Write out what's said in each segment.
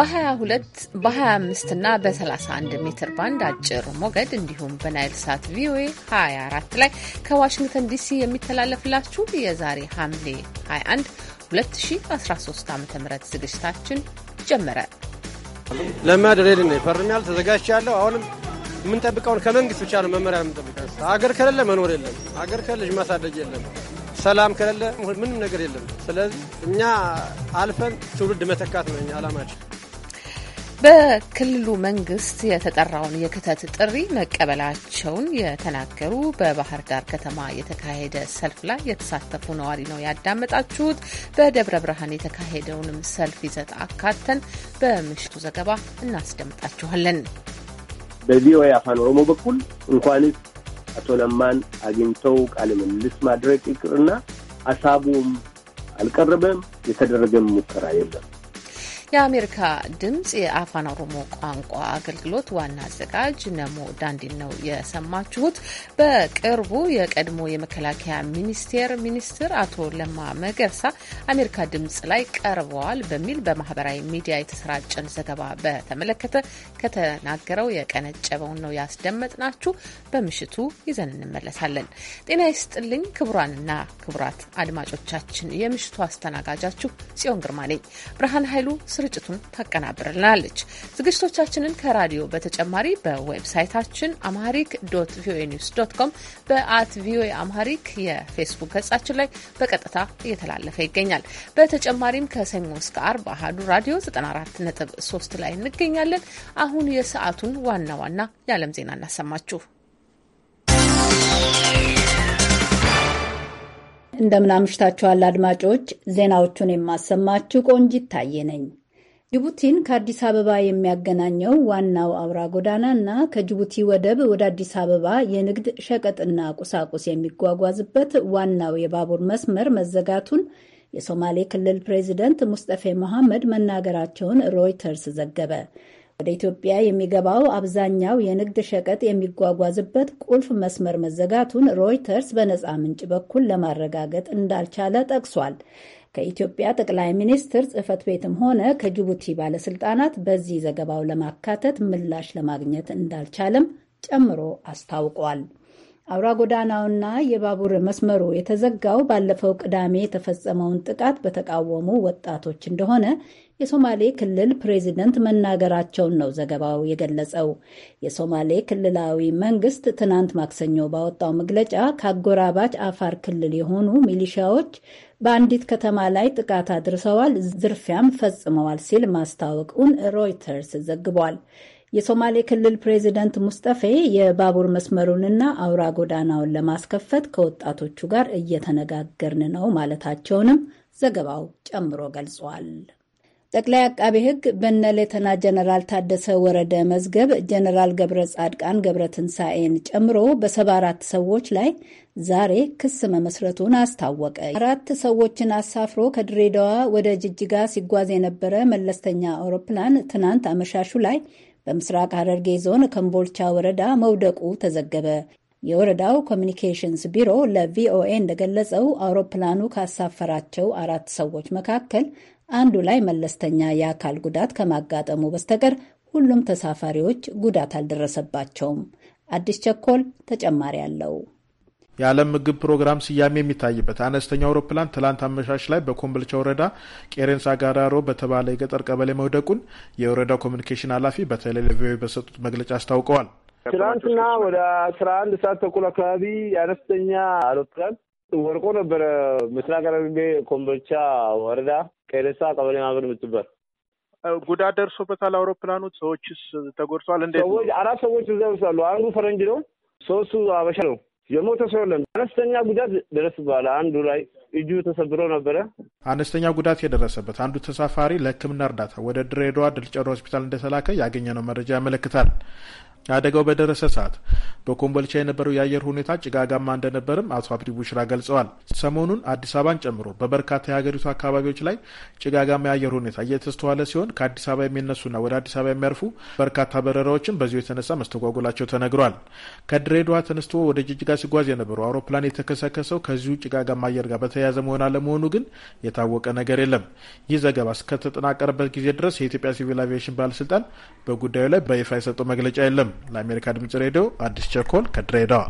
በ22 በ25 እና በ31 ሜትር ባንድ አጭር ሞገድ እንዲሁም በናይል ሳት ቪኦኤ 24 ላይ ከዋሽንግተን ዲሲ የሚተላለፍላችሁ የዛሬ ሐምሌ 21 2013 ዓ ም ዝግጅታችን ጀመረ። ለማድሬድ ነው ፈርሚያል ያለው አሁንም የምንጠብቀውን ከመንግስት ብቻ ነው መመሪያ የምንጠብቀው። አገር ከሌለ መኖር የለም። አገር ከሌለ ልጅ ማሳደግ የለም። ሰላም ከሌለ ምንም ነገር የለም። ስለዚህ እኛ አልፈን ትውልድ መተካት ነው እኛ አላማችን። በክልሉ መንግስት የተጠራውን የክተት ጥሪ መቀበላቸውን የተናገሩ በባህር ዳር ከተማ የተካሄደ ሰልፍ ላይ የተሳተፉ ነዋሪ ነው ያዳመጣችሁት። በደብረ ብርሃን የተካሄደውንም ሰልፍ ይዘት አካተን በምሽቱ ዘገባ እናስደምጣችኋለን። በቪኦኤ አፋን ኦሮሞ በኩል እንኳንስ አቶ ለማን አግኝተው ቃለ ምልልስ ማድረግ ይቅርና ሀሳቡም አልቀረበም፣ የተደረገም ሙከራ የለም። የአሜሪካ ድምጽ የአፋን ኦሮሞ ቋንቋ አገልግሎት ዋና አዘጋጅ ነሞ ዳንዲን ነው የሰማችሁት። በቅርቡ የቀድሞ የመከላከያ ሚኒስቴር ሚኒስትር አቶ ለማ መገርሳ አሜሪካ ድምጽ ላይ ቀርበዋል በሚል በማህበራዊ ሚዲያ የተሰራጨን ዘገባ በተመለከተ ከተናገረው የቀነጨበውን ነው ያስደመጥናችሁ። በምሽቱ ይዘን እንመለሳለን። ጤና ይስጥልኝ ክቡራንና ክቡራት አድማጮቻችን፣ የምሽቱ አስተናጋጃችሁ ጽዮን ግርማ ነኝ። ብርሃን ኃይሉ ስርጭቱን ታቀናብርልናለች። ዝግጅቶቻችንን ከራዲዮ በተጨማሪ በዌብሳይታችን አማሪክ ዶት ቪኦኤ ኒውስ ዶት ኮም፣ በአት ቪኦኤ አማሪክ የፌስቡክ ገጻችን ላይ በቀጥታ እየተላለፈ ይገኛል። በተጨማሪም ከሰኞ እስከ አርብ አህዱ ራዲዮ 94.3 ላይ እንገኛለን። አሁን የሰዓቱን ዋና ዋና የዓለም ዜና እናሰማችሁ። እንደምን አምሽታችኋል አድማጮች። ዜናዎቹን የማሰማችሁ ቆንጅ ይታየ ነኝ። ጅቡቲን ከአዲስ አበባ የሚያገናኘው ዋናው አውራ ጎዳና እና ከጅቡቲ ወደብ ወደ አዲስ አበባ የንግድ ሸቀጥና ቁሳቁስ የሚጓጓዝበት ዋናው የባቡር መስመር መዘጋቱን የሶማሌ ክልል ፕሬዚደንት ሙስጠፌ መሐመድ መናገራቸውን ሮይተርስ ዘገበ። ወደ ኢትዮጵያ የሚገባው አብዛኛው የንግድ ሸቀጥ የሚጓጓዝበት ቁልፍ መስመር መዘጋቱን ሮይተርስ በነጻ ምንጭ በኩል ለማረጋገጥ እንዳልቻለ ጠቅሷል። ከኢትዮጵያ ጠቅላይ ሚኒስትር ጽህፈት ቤትም ሆነ ከጅቡቲ ባለስልጣናት በዚህ ዘገባው ለማካተት ምላሽ ለማግኘት እንዳልቻለም ጨምሮ አስታውቋል። አውራ ጎዳናውና የባቡር መስመሩ የተዘጋው ባለፈው ቅዳሜ የተፈጸመውን ጥቃት በተቃወሙ ወጣቶች እንደሆነ የሶማሌ ክልል ፕሬዚደንት መናገራቸውን ነው ዘገባው የገለጸው። የሶማሌ ክልላዊ መንግስት ትናንት ማክሰኞ ባወጣው መግለጫ ከአጎራባች አፋር ክልል የሆኑ ሚሊሻዎች በአንዲት ከተማ ላይ ጥቃት አድርሰዋል፣ ዝርፊያም ፈጽመዋል ሲል ማስታወቁን ሮይተርስ ዘግቧል። የሶማሌ ክልል ፕሬዚደንት ሙስጠፌ የባቡር መስመሩንና አውራ ጎዳናውን ለማስከፈት ከወጣቶቹ ጋር እየተነጋገርን ነው ማለታቸውንም ዘገባው ጨምሮ ገልጿል። ጠቅላይ አቃቤ ሕግ በነ ሌተና ጀነራል ታደሰ ወረደ መዝገብ ጀነራል ገብረ ጻድቃን ገብረ ትንሣኤን ጨምሮ በሰባ አራት ሰዎች ላይ ዛሬ ክስ መመስረቱን አስታወቀ። አራት ሰዎችን አሳፍሮ ከድሬዳዋ ወደ ጅጅጋ ሲጓዝ የነበረ መለስተኛ አውሮፕላን ትናንት አመሻሹ ላይ በምስራቅ ሐረርጌ ዞን ከምቦልቻ ወረዳ መውደቁ ተዘገበ። የወረዳው ኮሚኒኬሽንስ ቢሮ ለቪኦኤ እንደገለጸው አውሮፕላኑ ካሳፈራቸው አራት ሰዎች መካከል አንዱ ላይ መለስተኛ የአካል ጉዳት ከማጋጠሙ በስተቀር ሁሉም ተሳፋሪዎች ጉዳት አልደረሰባቸውም። አዲስ ቸኮል ተጨማሪ አለው። የዓለም ምግብ ፕሮግራም ስያሜ የሚታይበት አነስተኛ አውሮፕላን ትላንት አመሻሽ ላይ በኮምቦልቻ ወረዳ ቄሬንስ አጋራሮ በተባለ የገጠር ቀበሌ መውደቁን የወረዳው ኮሚኒኬሽን ኃላፊ በቴሌቪዥን በሰጡት መግለጫ አስታውቀዋል። ትላንትና ወደ አስራ አንድ ሰዓት ተኩል አካባቢ የአነስተኛ አውሮፕላን ወርቆ ነበረ ምስራቅ ኮምቦልቻ ወረዳ ከደሳ ቀበሌ ማህበር የምትባል ጉዳት ደርሶበታል። አውሮፕላኑ ሰዎችስ ተጎድተዋል። እንዴት ሰዎች አራት ሰዎች እዛ ይወስዳሉ። አንዱ ፈረንጅ ነው፣ ሶስቱ አበሻ ነው። የሞተ ሰው የለም። አነስተኛ ጉዳት ደረስበታል። አንዱ ላይ እጁ ተሰብሮ ነበረ። አነስተኛ ጉዳት የደረሰበት አንዱ ተሳፋሪ ለሕክምና እርዳታ ወደ ድሬዳዋ ድልጨሮ ሆስፒታል እንደተላከ ያገኘነው መረጃ ያመለክታል። አደጋው በደረሰ ሰዓት በኮምቦልቻ የነበረው የአየር ሁኔታ ጭጋጋማ እንደነበርም አቶ አብዲ ቡሽራ ገልጸዋል። ሰሞኑን አዲስ አበባን ጨምሮ በበርካታ የሀገሪቱ አካባቢዎች ላይ ጭጋጋማ የአየር ሁኔታ እየተስተዋለ ሲሆን ከአዲስ አበባ የሚነሱና ወደ አዲስ አበባ የሚያርፉ በርካታ በረራዎችም በዚሁ የተነሳ መስተጓጎላቸው ተነግሯል። ከድሬዳዋ ተነስቶ ወደ ጅጅጋ ሲጓዝ የነበረው አውሮፕላን የተከሰከሰው ከዚሁ ጭጋጋማ አየር ጋር በተያያዘ መሆን አለመሆኑ ግን የታወቀ ነገር የለም። ይህ ዘገባ እስከተጠናቀረበት ጊዜ ድረስ የኢትዮጵያ ሲቪል አቪዬሽን ባለስልጣን በጉዳዩ ላይ በይፋ የሰጠው መግለጫ የለም። አይደለም። ለአሜሪካ ድምጽ ሬዲዮ አዲስ ቸኮል ከድሬዳዋ።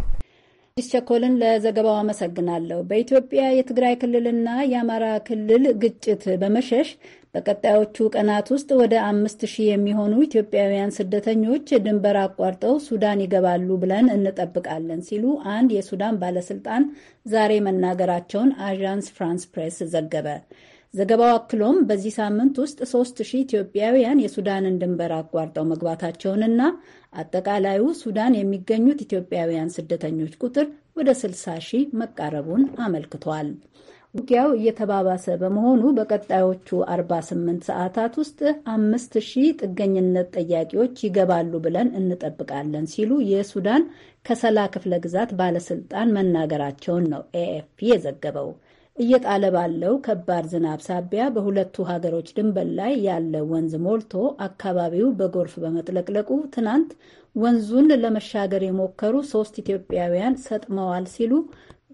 አዲስ ቸኮልን ለዘገባው አመሰግናለሁ። በኢትዮጵያ የትግራይ ክልልና የአማራ ክልል ግጭት በመሸሽ በቀጣዮቹ ቀናት ውስጥ ወደ አምስት ሺህ የሚሆኑ ኢትዮጵያውያን ስደተኞች ድንበር አቋርጠው ሱዳን ይገባሉ ብለን እንጠብቃለን ሲሉ አንድ የሱዳን ባለስልጣን ዛሬ መናገራቸውን አዣንስ ፍራንስ ፕሬስ ዘገበ። ዘገባው አክሎም በዚህ ሳምንት ውስጥ ሶስት ሺህ ኢትዮጵያውያን የሱዳንን ድንበር አቋርጠው መግባታቸውንና አጠቃላዩ ሱዳን የሚገኙት ኢትዮጵያውያን ስደተኞች ቁጥር ወደ 60 ሺህ መቃረቡን አመልክቷል። ውጊያው እየተባባሰ በመሆኑ በቀጣዮቹ 48 ሰዓታት ውስጥ አምስት ሺህ ጥገኝነት ጠያቂዎች ይገባሉ ብለን እንጠብቃለን ሲሉ የሱዳን ከሰላ ክፍለ ግዛት ባለስልጣን መናገራቸውን ነው ኤኤፍፒ የዘገበው። እየጣለ ባለው ከባድ ዝናብ ሳቢያ በሁለቱ ሀገሮች ድንበር ላይ ያለ ወንዝ ሞልቶ አካባቢው በጎርፍ በመጥለቅለቁ ትናንት ወንዙን ለመሻገር የሞከሩ ሶስት ኢትዮጵያውያን ሰጥመዋል ሲሉ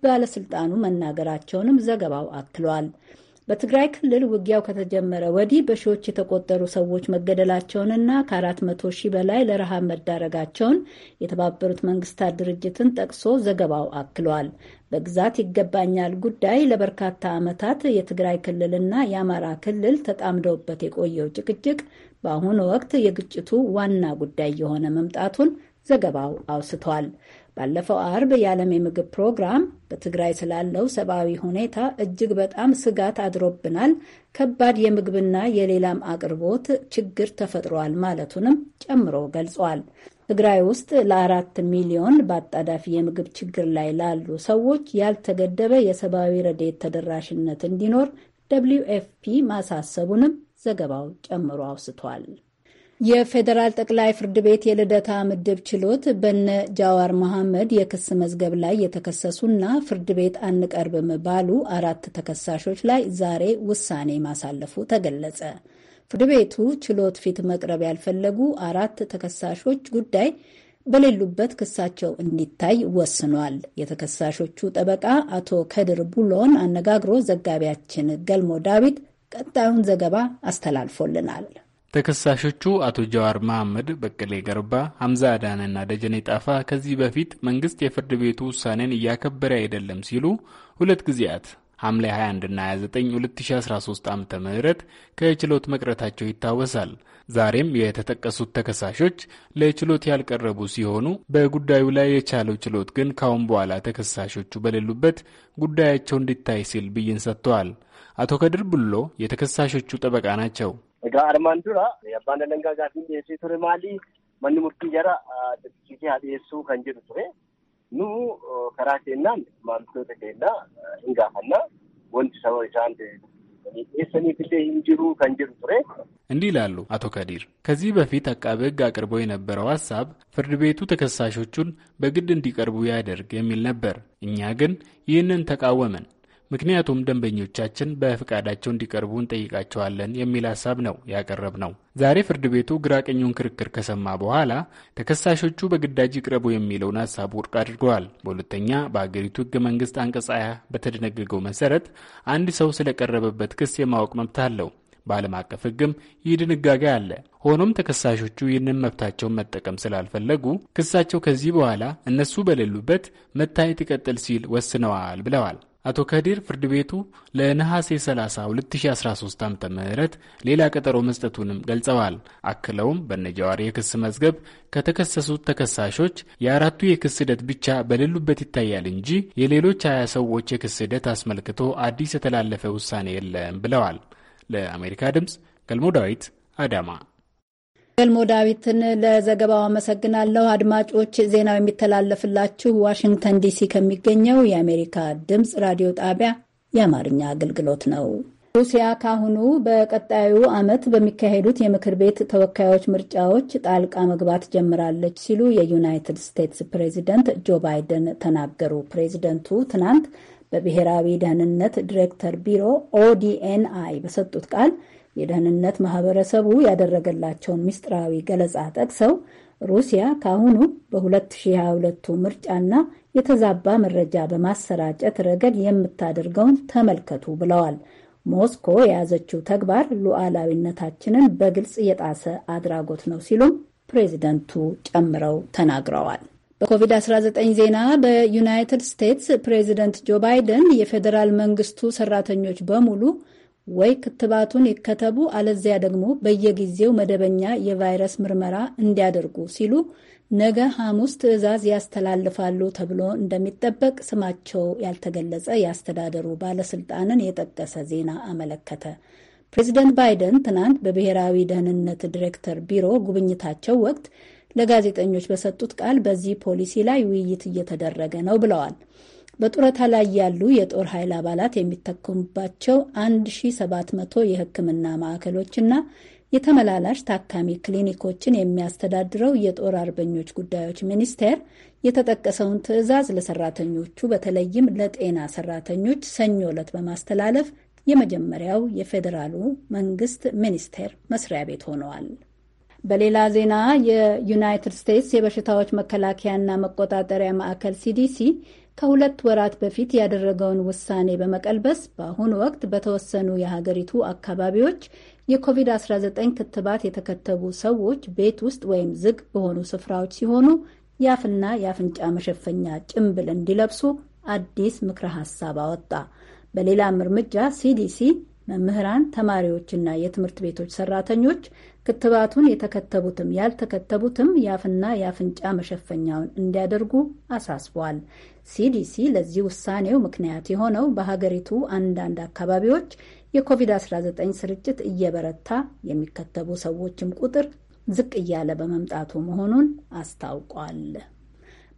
ባለስልጣኑ መናገራቸውንም ዘገባው አክሏል። በትግራይ ክልል ውጊያው ከተጀመረ ወዲህ በሺዎች የተቆጠሩ ሰዎች መገደላቸውንና ከአራት መቶ ሺህ በላይ ለረሃብ መዳረጋቸውን የተባበሩት መንግስታት ድርጅትን ጠቅሶ ዘገባው አክሏል። በግዛት ይገባኛል ጉዳይ ለበርካታ ዓመታት የትግራይ ክልልና የአማራ ክልል ተጣምደውበት የቆየው ጭቅጭቅ በአሁኑ ወቅት የግጭቱ ዋና ጉዳይ የሆነ መምጣቱን ዘገባው አውስቷል። ባለፈው አርብ የዓለም የምግብ ፕሮግራም በትግራይ ስላለው ሰብአዊ ሁኔታ እጅግ በጣም ስጋት አድሮብናል፣ ከባድ የምግብና የሌላም አቅርቦት ችግር ተፈጥሯል ማለቱንም ጨምሮ ገልጿል። ትግራይ ውስጥ ለአራት ሚሊዮን በአጣዳፊ የምግብ ችግር ላይ ላሉ ሰዎች ያልተገደበ የሰብአዊ ረዴት ተደራሽነት እንዲኖር ደብሊው ኤፍፒ ማሳሰቡንም ዘገባው ጨምሮ አውስቷል። የፌዴራል ጠቅላይ ፍርድ ቤት የልደታ ምድብ ችሎት በነ ጃዋር መሐመድ የክስ መዝገብ ላይ የተከሰሱና ፍርድ ቤት አንቀርብም ባሉ አራት ተከሳሾች ላይ ዛሬ ውሳኔ ማሳለፉ ተገለጸ። ፍርድ ቤቱ ችሎት ፊት መቅረብ ያልፈለጉ አራት ተከሳሾች ጉዳይ በሌሉበት ክሳቸው እንዲታይ ወስኗል። የተከሳሾቹ ጠበቃ አቶ ከድር ቡሎን አነጋግሮ ዘጋቢያችን ገልሞ ዳዊት ቀጣዩን ዘገባ አስተላልፎልናል። ተከሳሾቹ አቶ ጀዋር መሐመድ፣ በቀሌ ገርባ፣ ሐምዛ አዳንና ደጀኔ ጣፋ ከዚህ በፊት መንግስት የፍርድ ቤቱ ውሳኔን እያከበረ አይደለም ሲሉ ሁለት ጊዜያት ሐምሌ 21ና 29 2013 ዓ ም ከችሎት መቅረታቸው ይታወሳል። ዛሬም የተጠቀሱት ተከሳሾች ለችሎት ያልቀረቡ ሲሆኑ በጉዳዩ ላይ የቻለው ችሎት ግን ካሁን በኋላ ተከሳሾቹ በሌሉበት ጉዳያቸው እንዲታይ ሲል ብይን ሰጥተዋል። አቶ ከድር ብሎ የተከሳሾቹ ጠበቃ ናቸው። Egaa armaan dura abbaan dalagaa fi dhiyeessee ture maali? Manni murtii jara dirqisiisee haa dhiyeessuu kan jedhu ture. Nu karaa keennaan maamiltoota keennaa hin gaafannaa. Wanti sababa isaan hin jiru kan jedhu ture. እንዲህ ይላሉ አቶ ከዲር። ከዚህ በፊት አቃቤ ሕግ አቅርቦ የነበረው ሀሳብ ፍርድ ቤቱ ተከሳሾቹን በግድ እንዲቀርቡ ያደርግ የሚል ነበር። እኛ ግን ይህንን ተቃወምን። ምክንያቱም ደንበኞቻችን በፍቃዳቸው እንዲቀርቡ እንጠይቃቸዋለን የሚል ሀሳብ ነው ያቀረብ ነው። ዛሬ ፍርድ ቤቱ ግራቀኙን ክርክር ከሰማ በኋላ ተከሳሾቹ በግዳጅ ይቅረቡ የሚለውን ሀሳብ ውድቅ አድርገዋል። በሁለተኛ በአገሪቱ ህገ መንግስት አንቀጽ ሃያ በተደነገገው መሰረት አንድ ሰው ስለቀረበበት ክስ የማወቅ መብት አለው። በዓለም አቀፍ ህግም ይህ ድንጋጌ አለ። ሆኖም ተከሳሾቹ ይህንን መብታቸውን መጠቀም ስላልፈለጉ ክሳቸው ከዚህ በኋላ እነሱ በሌሉበት መታየት ይቀጥል ሲል ወስነዋል ብለዋል። አቶ ከዲር ፍርድ ቤቱ ለነሐሴ 30 2013 ዓ ም ሌላ ቀጠሮ መስጠቱንም ገልጸዋል። አክለውም በነጃዋር የክስ መዝገብ ከተከሰሱት ተከሳሾች የአራቱ የክስ ሂደት ብቻ በሌሉበት ይታያል እንጂ የሌሎች 20 ሰዎች የክስ ሂደት አስመልክቶ አዲስ የተላለፈ ውሳኔ የለም ብለዋል። ለአሜሪካ ድምፅ ገልሞ ዳዊት አዳማ ገልሞ ዳዊትን ለዘገባው አመሰግናለሁ። አድማጮች፣ ዜናው የሚተላለፍላችሁ ዋሽንግተን ዲሲ ከሚገኘው የአሜሪካ ድምፅ ራዲዮ ጣቢያ የአማርኛ አገልግሎት ነው። ሩሲያ ካሁኑ በቀጣዩ ዓመት በሚካሄዱት የምክር ቤት ተወካዮች ምርጫዎች ጣልቃ መግባት ጀምራለች ሲሉ የዩናይትድ ስቴትስ ፕሬዚደንት ጆ ባይደን ተናገሩ። ፕሬዚደንቱ ትናንት በብሔራዊ ደህንነት ዲሬክተር ቢሮ ኦዲኤንአይ በሰጡት ቃል የደህንነት ማህበረሰቡ ያደረገላቸውን ምስጢራዊ ገለጻ ጠቅሰው ሩሲያ ከአሁኑ በ2022ቱ ምርጫና የተዛባ መረጃ በማሰራጨት ረገድ የምታደርገውን ተመልከቱ ብለዋል። ሞስኮ የያዘችው ተግባር ሉዓላዊነታችንን በግልጽ የጣሰ አድራጎት ነው ሲሉም ፕሬዚደንቱ ጨምረው ተናግረዋል። በኮቪድ-19 ዜና በዩናይትድ ስቴትስ ፕሬዚደንት ጆ ባይደን የፌዴራል መንግስቱ ሰራተኞች በሙሉ ወይ ክትባቱን ይከተቡ አለዚያ ደግሞ በየጊዜው መደበኛ የቫይረስ ምርመራ እንዲያደርጉ ሲሉ ነገ ሐሙስ ትዕዛዝ ያስተላልፋሉ ተብሎ እንደሚጠበቅ ስማቸው ያልተገለጸ የአስተዳደሩ ባለስልጣንን የጠቀሰ ዜና አመለከተ። ፕሬዚደንት ባይደን ትናንት በብሔራዊ ደህንነት ዲሬክተር ቢሮ ጉብኝታቸው ወቅት ለጋዜጠኞች በሰጡት ቃል በዚህ ፖሊሲ ላይ ውይይት እየተደረገ ነው ብለዋል። በጡረታ ላይ ያሉ የጦር ኃይል አባላት የሚተከሙባቸው 1700 የሕክምና ማዕከሎችና የተመላላሽ ታካሚ ክሊኒኮችን የሚያስተዳድረው የጦር አርበኞች ጉዳዮች ሚኒስቴር የተጠቀሰውን ትዕዛዝ ለሰራተኞቹ በተለይም ለጤና ሰራተኞች ሰኞ ዕለት በማስተላለፍ የመጀመሪያው የፌዴራሉ መንግስት ሚኒስቴር መስሪያ ቤት ሆነዋል። በሌላ ዜና የዩናይትድ ስቴትስ የበሽታዎች መከላከያና መቆጣጠሪያ ማዕከል ሲዲሲ ከሁለት ወራት በፊት ያደረገውን ውሳኔ በመቀልበስ በአሁኑ ወቅት በተወሰኑ የሀገሪቱ አካባቢዎች የኮቪድ-19 ክትባት የተከተቡ ሰዎች ቤት ውስጥ ወይም ዝግ በሆኑ ስፍራዎች ሲሆኑ የአፍና የአፍንጫ መሸፈኛ ጭንብል እንዲለብሱ አዲስ ምክረ ሀሳብ አወጣ። በሌላም እርምጃ ሲዲሲ መምህራን፣ ተማሪዎችና የትምህርት ቤቶች ሰራተኞች ክትባቱን የተከተቡትም ያልተከተቡትም የአፍና የአፍንጫ መሸፈኛውን እንዲያደርጉ አሳስቧል። ሲዲሲ ለዚህ ውሳኔው ምክንያት የሆነው በሀገሪቱ አንዳንድ አካባቢዎች የኮቪድ-19 ስርጭት እየበረታ የሚከተቡ ሰዎችም ቁጥር ዝቅ እያለ በመምጣቱ መሆኑን አስታውቋል።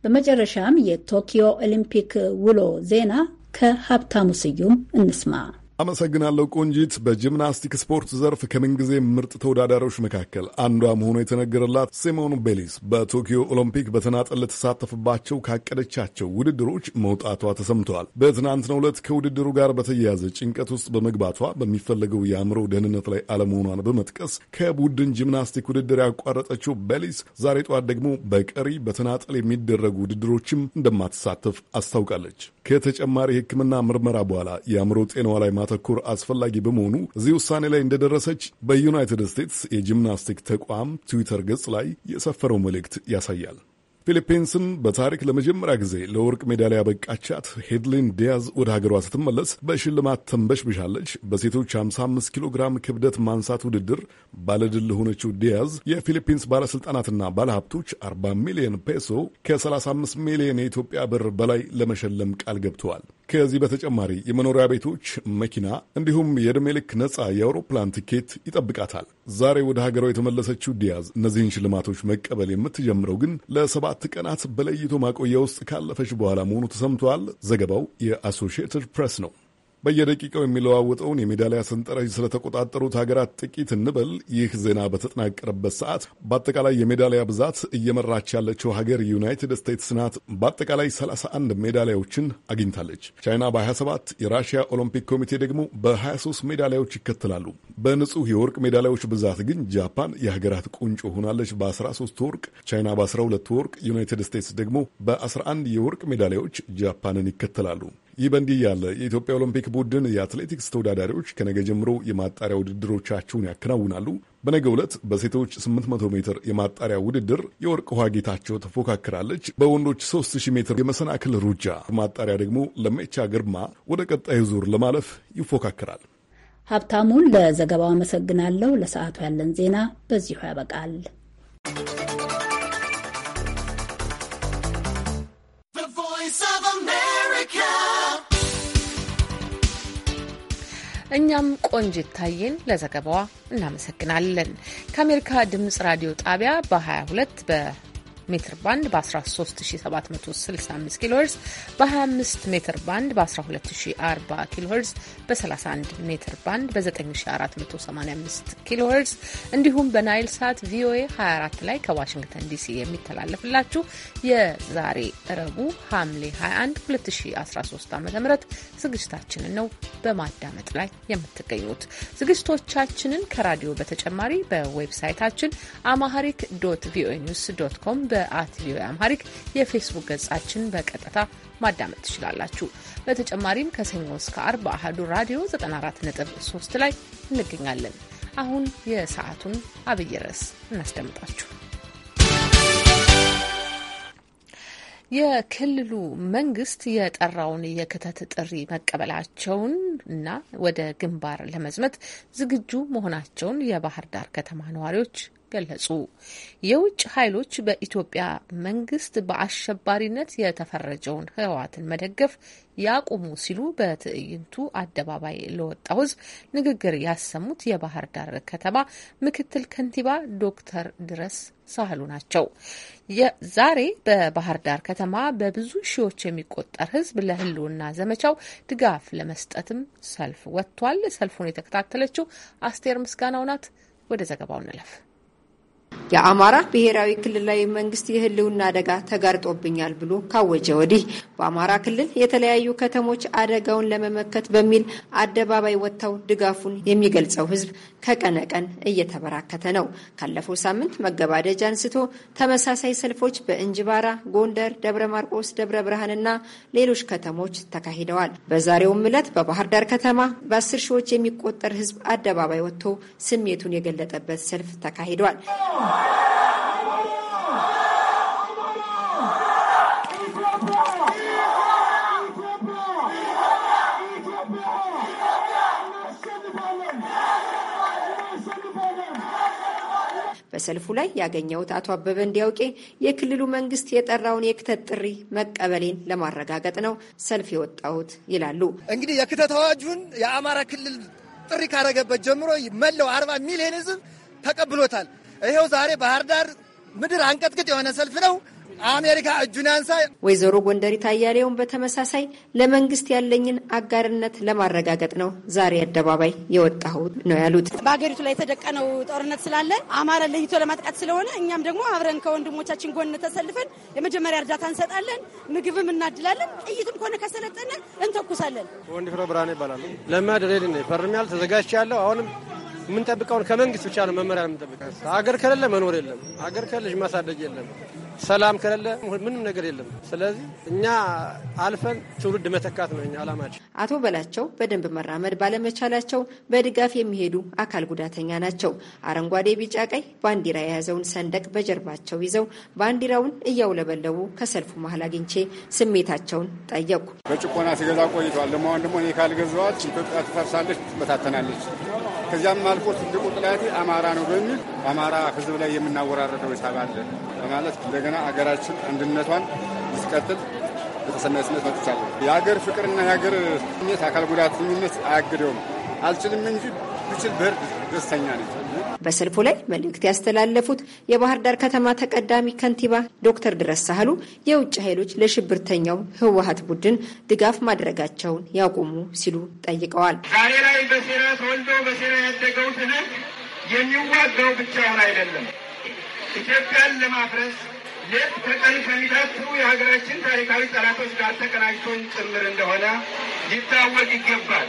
በመጨረሻም የቶኪዮ ኦሊምፒክ ውሎ ዜና ከሀብታሙ ስዩም እንስማ። አመሰግናለሁ ቆንጂት። በጂምናስቲክ ስፖርት ዘርፍ ከምንጊዜ ምርጥ ተወዳዳሪዎች መካከል አንዷ መሆኑ የተነገረላት ሲሞን ቤሊስ በቶኪዮ ኦሎምፒክ በተናጠል ልትሳተፍባቸው ካቀደቻቸው ውድድሮች መውጣቷ ተሰምተዋል። በትናንትናው ዕለት ከውድድሩ ጋር በተያያዘ ጭንቀት ውስጥ በመግባቷ በሚፈለገው የአእምሮ ደህንነት ላይ አለመሆኗን በመጥቀስ ከቡድን ጂምናስቲክ ውድድር ያቋረጠችው ቤሊስ ዛሬ ጠዋት ደግሞ በቀሪ በተናጠል የሚደረጉ ውድድሮችም እንደማትሳተፍ አስታውቃለች። ከተጨማሪ የሕክምና ምርመራ በኋላ የአእምሮ ጤናዋ ላይ ማተኮር አስፈላጊ በመሆኑ እዚህ ውሳኔ ላይ እንደደረሰች በዩናይትድ ስቴትስ የጂምናስቲክ ተቋም ትዊተር ገጽ ላይ የሰፈረው መልእክት ያሳያል። ፊሊፒንስን በታሪክ ለመጀመሪያ ጊዜ ለወርቅ ሜዳሊያ ያበቃቻት ሄድሊን ዲያዝ ወደ ሀገሯ ስትመለስ በሽልማት ተንበሽብሻለች። በሴቶች 55 ኪሎ ግራም ክብደት ማንሳት ውድድር ባለድል ለሆነችው ዲያዝ የፊሊፒንስ ባለሥልጣናትና ባለሀብቶች 40 ሚሊዮን ፔሶ ከ35 ሚሊዮን የኢትዮጵያ ብር በላይ ለመሸለም ቃል ገብተዋል። ከዚህ በተጨማሪ የመኖሪያ ቤቶች፣ መኪና እንዲሁም የዕድሜ ልክ ነጻ የአውሮፕላን ትኬት ይጠብቃታል። ዛሬ ወደ ሀገሯ የተመለሰችው ዲያዝ እነዚህን ሽልማቶች መቀበል የምትጀምረው ግን ለሰባት ቀናት በለይቶ ማቆያ ውስጥ ካለፈች በኋላ መሆኑ ተሰምተዋል። ዘገባው የአሶሺየትድ ፕሬስ ነው። በየደቂቃው የሚለዋወጠውን የሜዳሊያ ሰንጠረዥ ስለተቆጣጠሩት ሀገራት ጥቂት እንበል። ይህ ዜና በተጠናቀረበት ሰዓት በአጠቃላይ የሜዳሊያ ብዛት እየመራች ያለችው ሀገር ዩናይትድ ስቴትስ ናት። በአጠቃላይ 31 ሜዳሊያዎችን አግኝታለች። ቻይና በ27 የራሽያ ኦሎምፒክ ኮሚቴ ደግሞ በ23 ሜዳሊያዎች ይከተላሉ። በንጹህ የወርቅ ሜዳሊያዎች ብዛት ግን ጃፓን የሀገራት ቁንጮ ሆናለች በ13 ወርቅ፣ ቻይና በ12 ወርቅ፣ ዩናይትድ ስቴትስ ደግሞ በ11 የወርቅ ሜዳሊያዎች ጃፓንን ይከተላሉ። ይህ በእንዲህ ያለ የኢትዮጵያ ኦሎምፒክ ቡድን የአትሌቲክስ ተወዳዳሪዎች ከነገ ጀምሮ የማጣሪያ ውድድሮቻቸውን ያከናውናሉ። በነገ ዕለት በሴቶች 800 ሜትር የማጣሪያ ውድድር የወርቅ ውሃ ጌታቸው ተፎካክራለች። በወንዶች 3000 ሜትር የመሰናክል ሩጫ ማጣሪያ ደግሞ ለመቻ ግርማ ወደ ቀጣዩ ዙር ለማለፍ ይፎካክራል። ሀብታሙን ለዘገባው አመሰግናለሁ። ለሰዓቱ ያለን ዜና በዚሁ ያበቃል። እኛም ቆንጅ ታየን ለዘገባዋ እናመሰግናለን። ከአሜሪካ ድምጽ ራዲዮ ጣቢያ በ22 በ ሜትር ባንድ በ13765 ኪሎ በ25 ሜትር ባንድ በ1240 ኪሎ በ31 ሜትር ባንድ በ9485 ኪሎ እንዲሁም በናይል ሳት ቪኦኤ 24 ላይ ከዋሽንግተን ዲሲ የሚተላለፍላችሁ የዛሬ እረቡ ሐምሌ 21 2013 ዓ ም ዝግጅታችንን ነው በማዳመጥ ላይ የምትገኙት። ዝግጅቶቻችንን ከራዲዮ በተጨማሪ በዌብሳይታችን አማሃሪክ ዶት ቪኦኤ ኒውስ ዶት ኮም በ በአት ቪኦኤ አምሃሪክ የፌስቡክ ገጻችን በቀጥታ ማዳመጥ ትችላላችሁ። በተጨማሪም ከሰኞ እስከ አርብ በአህዱ ራዲዮ 94.3 ላይ እንገኛለን። አሁን የሰዓቱን አብይ ርዕስ እናስደምጣችሁ። የክልሉ መንግስት የጠራውን የክተት ጥሪ መቀበላቸውን እና ወደ ግንባር ለመዝመት ዝግጁ መሆናቸውን የባህር ዳር ከተማ ነዋሪዎች ገለጹ። የውጭ ኃይሎች በኢትዮጵያ መንግስት በአሸባሪነት የተፈረጀውን ህወሓትን መደገፍ ያቁሙ ሲሉ በትዕይንቱ አደባባይ ለወጣው ህዝብ ንግግር ያሰሙት የባህር ዳር ከተማ ምክትል ከንቲባ ዶክተር ድረስ ሳህሉ ናቸው። ዛሬ በባህር ዳር ከተማ በብዙ ሺዎች የሚቆጠር ህዝብ ለህልውና ዘመቻው ድጋፍ ለመስጠትም ሰልፍ ወጥቷል። ሰልፉን የተከታተለችው አስቴር ምስጋናው ናት። ወደ ዘገባው እንለፍ። የአማራ ብሔራዊ ክልላዊ መንግስት የህልውና አደጋ ተጋርጦብኛል ብሎ ካወጀ ወዲህ በአማራ ክልል የተለያዩ ከተሞች አደጋውን ለመመከት በሚል አደባባይ ወጥተው ድጋፉን የሚገልጸው ህዝብ ከቀነ ቀን እየተበራከተ ነው። ካለፈው ሳምንት መገባደጃ አንስቶ ተመሳሳይ ሰልፎች በእንጅባራ፣ ጎንደር፣ ደብረ ማርቆስ፣ ደብረ ብርሃንና ሌሎች ከተሞች ተካሂደዋል። በዛሬውም ዕለት በባህር ዳር ከተማ በአስር ሺዎች የሚቆጠር ህዝብ አደባባይ ወጥቶ ስሜቱን የገለጠበት ሰልፍ ተካሂዷል። በሰልፉ ላይ ያገኘሁት አቶ አበበ እንዲያውቄ የክልሉ መንግስት የጠራውን የክተት ጥሪ መቀበሌን ለማረጋገጥ ነው ሰልፍ የወጣሁት ይላሉ። እንግዲህ የክተት አዋጁን የአማራ ክልል ጥሪ ካረገበት ጀምሮ መለው አርባ ሚሊዮን ህዝብ ተቀብሎታል። ይኸው ዛሬ ባህር ዳር ምድር አንቀጥቅጥ የሆነ ሰልፍ ነው። አሜሪካ እጁን ያንሳ ወይዘሮ ጎንደሪት አያሌውን በተመሳሳይ ለመንግስት ያለኝን አጋርነት ለማረጋገጥ ነው ዛሬ አደባባይ የወጣሁ ነው ያሉት። በሀገሪቱ ላይ የተደቀነው ጦርነት ስላለ አማራ ለይቶ ለማጥቃት ስለሆነ እኛም ደግሞ አብረን ከወንድሞቻችን ጎን ተሰልፈን የመጀመሪያ እርዳታ እንሰጣለን፣ ምግብም እናድላለን፣ ጥይትም ከሆነ ከሰለጠነ እንተኩሳለን። ወንድ ፍረ ብርሃን ይባላሉ። ለማ ፈርሚያል ተዘጋጅቻለሁ። አሁንም የምንጠብቀውን ከመንግስት ብቻ ነው መመሪያ የምንጠብቀው። አገር ከሌለ መኖር የለም። አገር ከልጅ ማሳደግ የለም። ሰላም ከሌለ ምንም ነገር የለም። ስለዚህ እኛ አልፈን ትውልድ መተካት ነው እኛ አላማችን። አቶ በላቸው በደንብ መራመድ ባለመቻላቸው በድጋፍ የሚሄዱ አካል ጉዳተኛ ናቸው። አረንጓዴ፣ ቢጫ፣ ቀይ ባንዲራ የያዘውን ሰንደቅ በጀርባቸው ይዘው ባንዲራውን እያውለበለቡ ከሰልፉ መሀል አግኝቼ ስሜታቸውን ጠየቁ። በጭቆና ሲገዛ ቆይተዋል። ደሞ አሁን ደግሞ እኔ ካልገዛዋት ኢትዮጵያ ትፈርሳለች፣ ትበታተናለች ከዚያም አልፎ ትልቁ ጥላቴ አማራ ነው በሚል አማራ ህዝብ ላይ የምናወራረደው ሂሳብ አለ በማለት እንደገና አገራችን አንድነቷን እንዲቀጥል በተሰማይነት መጥቻለሁ። የሀገር ፍቅርና የሀገር ስሜት አካል ጉዳተኝነት አያግደውም። አልችልም እንጂ ብችል ብር ደስተኛ ነኝ። በሰልፉ ላይ መልእክት ያስተላለፉት የባህር ዳር ከተማ ተቀዳሚ ከንቲባ ዶክተር ድረስ ሳህሉ የውጭ ኃይሎች ለሽብርተኛው ህወሀት ቡድን ድጋፍ ማድረጋቸውን ያቁሙ ሲሉ ጠይቀዋል። ዛሬ ላይ በሴራ ተወልዶ በሴራ ያደገው ትምህርት የሚዋጋው ብቻውን አይደለም። ኢትዮጵያን ለማፍረስ ሌት ተቀን ከሚዳፍሩ የሀገራችን ታሪካዊ ጠላቶች ጋር ተቀናጅቶን ጭምር እንደሆነ ሊታወቅ ይገባል።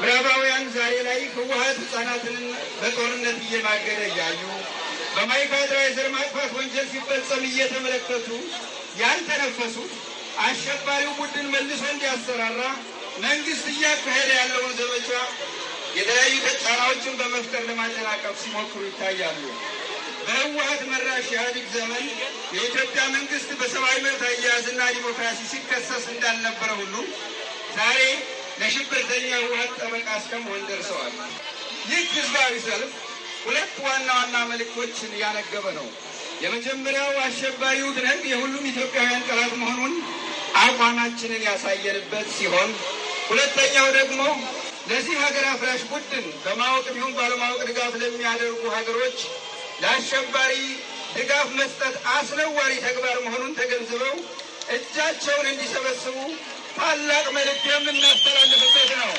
ምዕራባውያን ዛሬ ላይ ህወሀት ህጻናትን በጦርነት እየማገደ እያዩ በማይካድራ የዘር ማጥፋት ወንጀል ሲፈጸም እየተመለከቱ ያልተነፈሱት አሸባሪው ቡድን መልሶ እንዲያሰራራ መንግስት እያካሄደ ያለውን ዘመቻ የተለያዩ ጫናዎችን በመፍጠር ለማጠናቀፍ ሲሞክሩ ይታያሉ። በህወሀት መራሽ ኢህአዴግ ዘመን የኢትዮጵያ መንግስት በሰብአዊ መብት አያያዝና ዲሞክራሲ ሲከሰስ እንዳልነበረ ሁሉ ዛሬ ለሽብርተኛ ህወሓት ጠበቃ እስከመሆን ደርሰዋል። ይህ ህዝባዊ ሰልፍ ሁለት ዋና ዋና መልእክቶችን እያነገበ ነው። የመጀመሪያው አሸባሪው ድነን የሁሉም ኢትዮጵያውያን ጠላት መሆኑን አቋማችንን ያሳየንበት ሲሆን ሁለተኛው ደግሞ ለዚህ ሀገር አፍራሽ ቡድን በማወቅ ቢሁን ባለማወቅ ድጋፍ ለሚያደርጉ ሀገሮች ለአሸባሪ ድጋፍ መስጠት አስነዋሪ ተግባር መሆኑን ተገንዝበው እጃቸውን እንዲሰበስቡ ታላቅ መልእክት የምናስተላልፍበት ነው።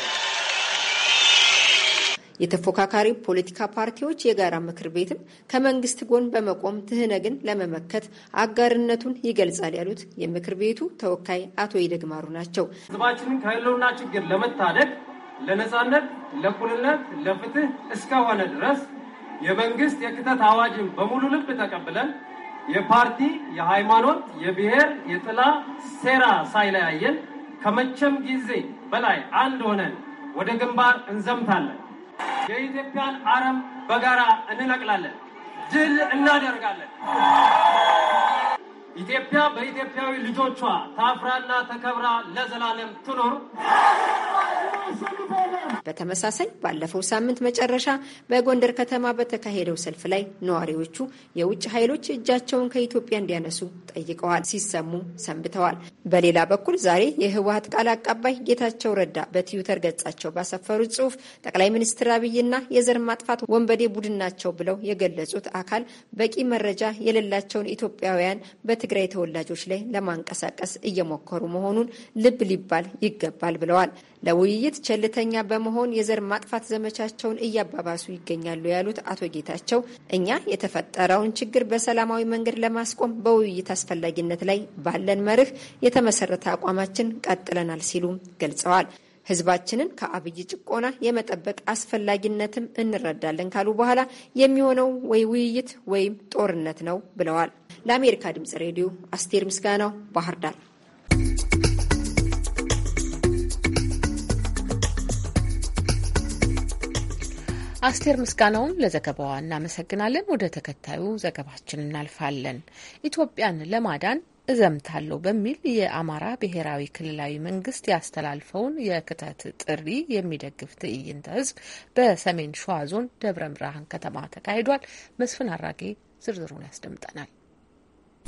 የተፎካካሪ ፖለቲካ ፓርቲዎች የጋራ ምክር ቤትም ከመንግስት ጎን በመቆም ትህነግን ለመመከት አጋርነቱን ይገልጻል ያሉት የምክር ቤቱ ተወካይ አቶ ይደግማሩ ናቸው። ህዝባችንን ከህልውና ችግር ለመታደግ ለነጻነት፣ ለእኩልነት፣ ለፍትህ እስከሆነ ድረስ የመንግስት የክተት አዋጅን በሙሉ ልብ ተቀብለን የፓርቲ፣ የሃይማኖት፣ የብሔር፣ የጥላ ሴራ ሳይለያየን ከመቼም ጊዜ በላይ አንድ ሆነን ወደ ግንባር እንዘምታለን። የኢትዮጵያን አረም በጋራ እንነቅላለን። ድል እናደርጋለን። ኢትዮጵያ በኢትዮጵያዊ ልጆቿ ታፍራና ተከብራ ለዘላለም ትኖር። በተመሳሳይ ባለፈው ሳምንት መጨረሻ በጎንደር ከተማ በተካሄደው ሰልፍ ላይ ነዋሪዎቹ የውጭ ኃይሎች እጃቸውን ከኢትዮጵያ እንዲያነሱ ጠይቀዋል ሲሰሙ ሰንብተዋል። በሌላ በኩል ዛሬ የህወሀት ቃል አቀባይ ጌታቸው ረዳ በትዊተር ገጻቸው ባሰፈሩት ጽሁፍ ጠቅላይ ሚኒስትር አብይና የዘር ማጥፋት ወንበዴ ቡድን ናቸው ብለው የገለጹት አካል በቂ መረጃ የሌላቸውን ኢትዮጵያውያን በተ ትግራይ ተወላጆች ላይ ለማንቀሳቀስ እየሞከሩ መሆኑን ልብ ሊባል ይገባል ብለዋል። ለውይይት ቸልተኛ በመሆን የዘር ማጥፋት ዘመቻቸውን እያባባሱ ይገኛሉ ያሉት አቶ ጌታቸው እኛ የተፈጠረውን ችግር በሰላማዊ መንገድ ለማስቆም በውይይት አስፈላጊነት ላይ ባለን መርህ የተመሰረተ አቋማችን ቀጥለናል ሲሉም ገልጸዋል። ህዝባችንን ከአብይ ጭቆና የመጠበቅ አስፈላጊነትም እንረዳለን ካሉ በኋላ የሚሆነው ወይ ውይይት ወይም ጦርነት ነው ብለዋል። ለአሜሪካ ድምጽ ሬዲዮ አስቴር ምስጋናው ባህር ዳር። አስቴር ምስጋናውን ለዘገባዋ እናመሰግናለን። ወደ ተከታዩ ዘገባችን እናልፋለን። ኢትዮጵያን ለማዳን እዘምታለሁ በሚል የአማራ ብሔራዊ ክልላዊ መንግስት ያስተላልፈውን የክተት ጥሪ የሚደግፍ ትዕይንተ ህዝብ በሰሜን ሸዋ ዞን ደብረ ብርሃን ከተማ ተካሂዷል። መስፍን አራጌ ዝርዝሩን ያስደምጠናል።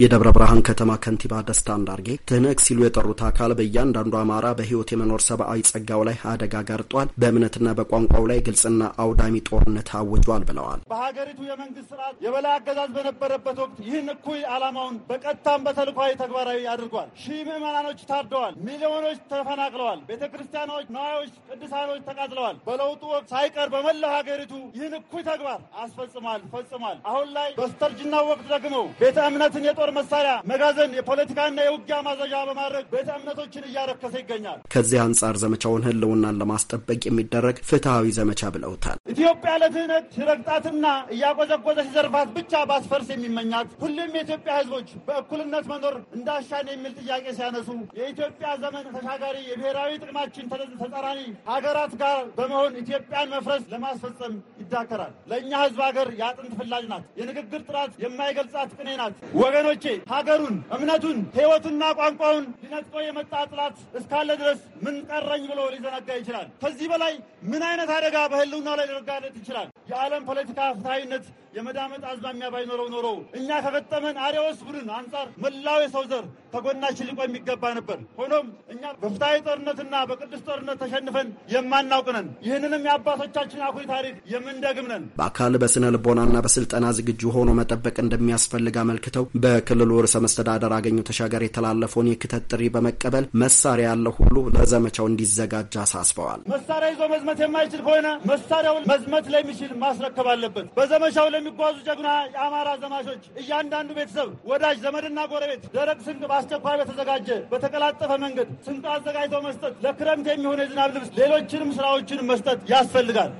የደብረ ብርሃን ከተማ ከንቲባ ደስታ አንዳርጌ ትህነግ ሲሉ የጠሩት አካል በእያንዳንዱ አማራ በህይወት የመኖር ሰብአዊ ጸጋው ላይ አደጋ ጋርጧል፣ በእምነትና በቋንቋው ላይ ግልጽና አውዳሚ ጦርነት አውጇል ብለዋል። በሀገሪቱ የመንግስት ስርዓት የበላይ አገዛዝ በነበረበት ወቅት ይህን እኩይ ዓላማውን በቀጥታም በተልኳዊ ተግባራዊ አድርጓል። ሺህ ምዕመናኖች ታርደዋል፣ ሚሊዮኖች ተፈናቅለዋል፣ ቤተ ክርስቲያኖች፣ ነዋዮች፣ ቅዱሳኖች ተቃጥለዋል። በለውጡ ወቅት ሳይቀር በመላው ሀገሪቱ ይህን እኩይ ተግባር አስፈጽሟል፣ ፈጽሟል። አሁን ላይ በስተርጅናው ወቅት ደግሞ ቤተ እምነትን የጦ የጦር መሳሪያ መጋዘን፣ የፖለቲካና የውጊያ ማዘዣ በማድረግ ቤተ እምነቶችን እያረከሰ ይገኛል። ከዚህ አንጻር ዘመቻውን ህልውናን ለማስጠበቅ የሚደረግ ፍትሐዊ ዘመቻ ብለውታል። ኢትዮጵያ ለትህነት ሲረግጣትና እያቆዘቆዘ ሲዘርፋት ብቻ ባስፈርስ የሚመኛት ሁሉም የኢትዮጵያ ህዝቦች በእኩልነት መኖር እንዳሻን የሚል ጥያቄ ሲያነሱ የኢትዮጵያ ዘመን ተሻጋሪ የብሔራዊ ጥቅማችን ተጠራኒ ሀገራት ጋር በመሆን ኢትዮጵያን መፍረስ ለማስፈጸም ይዳከራል። ለእኛ ህዝብ ሀገር የአጥንት ፍላጅ ናት። የንግግር ጥራት የማይገልጻት ቅኔ ናት። ወገኖች ወገኖቼ ሀገሩን፣ እምነቱን፣ ሕይወቱና ቋንቋውን ሊነጥቆ የመጣ ጥላት እስካለ ድረስ ምን ቀረኝ ብሎ ሊዘነጋ ይችላል? ከዚህ በላይ ምን አይነት አደጋ በህልውና ላይ ሊረጋለጥ ይችላል? የዓለም ፖለቲካ ፍትሐዊነት የመዳመጥ አዝማሚያ ባይኖረው ኖሮ እኛ ከገጠመን አሪዎስ ቡድን አንጻር መላው የሰው ዘር ከጎናችን ሊቆም የሚገባ ነበር። ሆኖም እኛ በፍትሐዊ ጦርነትና በቅዱስ ጦርነት ተሸንፈን የማናውቅ ነን። ይህንንም የአባቶቻችን አኩሪ ታሪክ የምንደግም ነን። በአካል በስነ ልቦናና በስልጠና ዝግጁ ሆኖ መጠበቅ እንደሚያስፈልግ አመልክተው በክልሉ ርዕሰ መስተዳደር አገኙ ተሻገር የተላለፈውን የክተት ጥሪ በመቀበል መሳሪያ ያለው ሁሉ ለዘመቻው እንዲዘጋጅ አሳስበዋል። መሳሪያ ይዞ መዝመት የማይችል ከሆነ መሳሪያውን መዝመት ለሚችል ማስረከብ አለበት። በዘመቻው ለሚጓዙ ጀግና የአማራ ዘማቾች እያንዳንዱ ቤተሰብ፣ ወዳጅ ዘመድና ጎረቤት ደረቅ ስንቅ በአስቸኳይ በተዘጋጀ በተቀላጠፈ መንገድ ስንቅ አዘጋጅተው መስጠት፣ ለክረምት የሚሆነ የዝናብ ልብስ፣ ሌሎችንም ስራዎችን መስጠት ያስፈልጋል።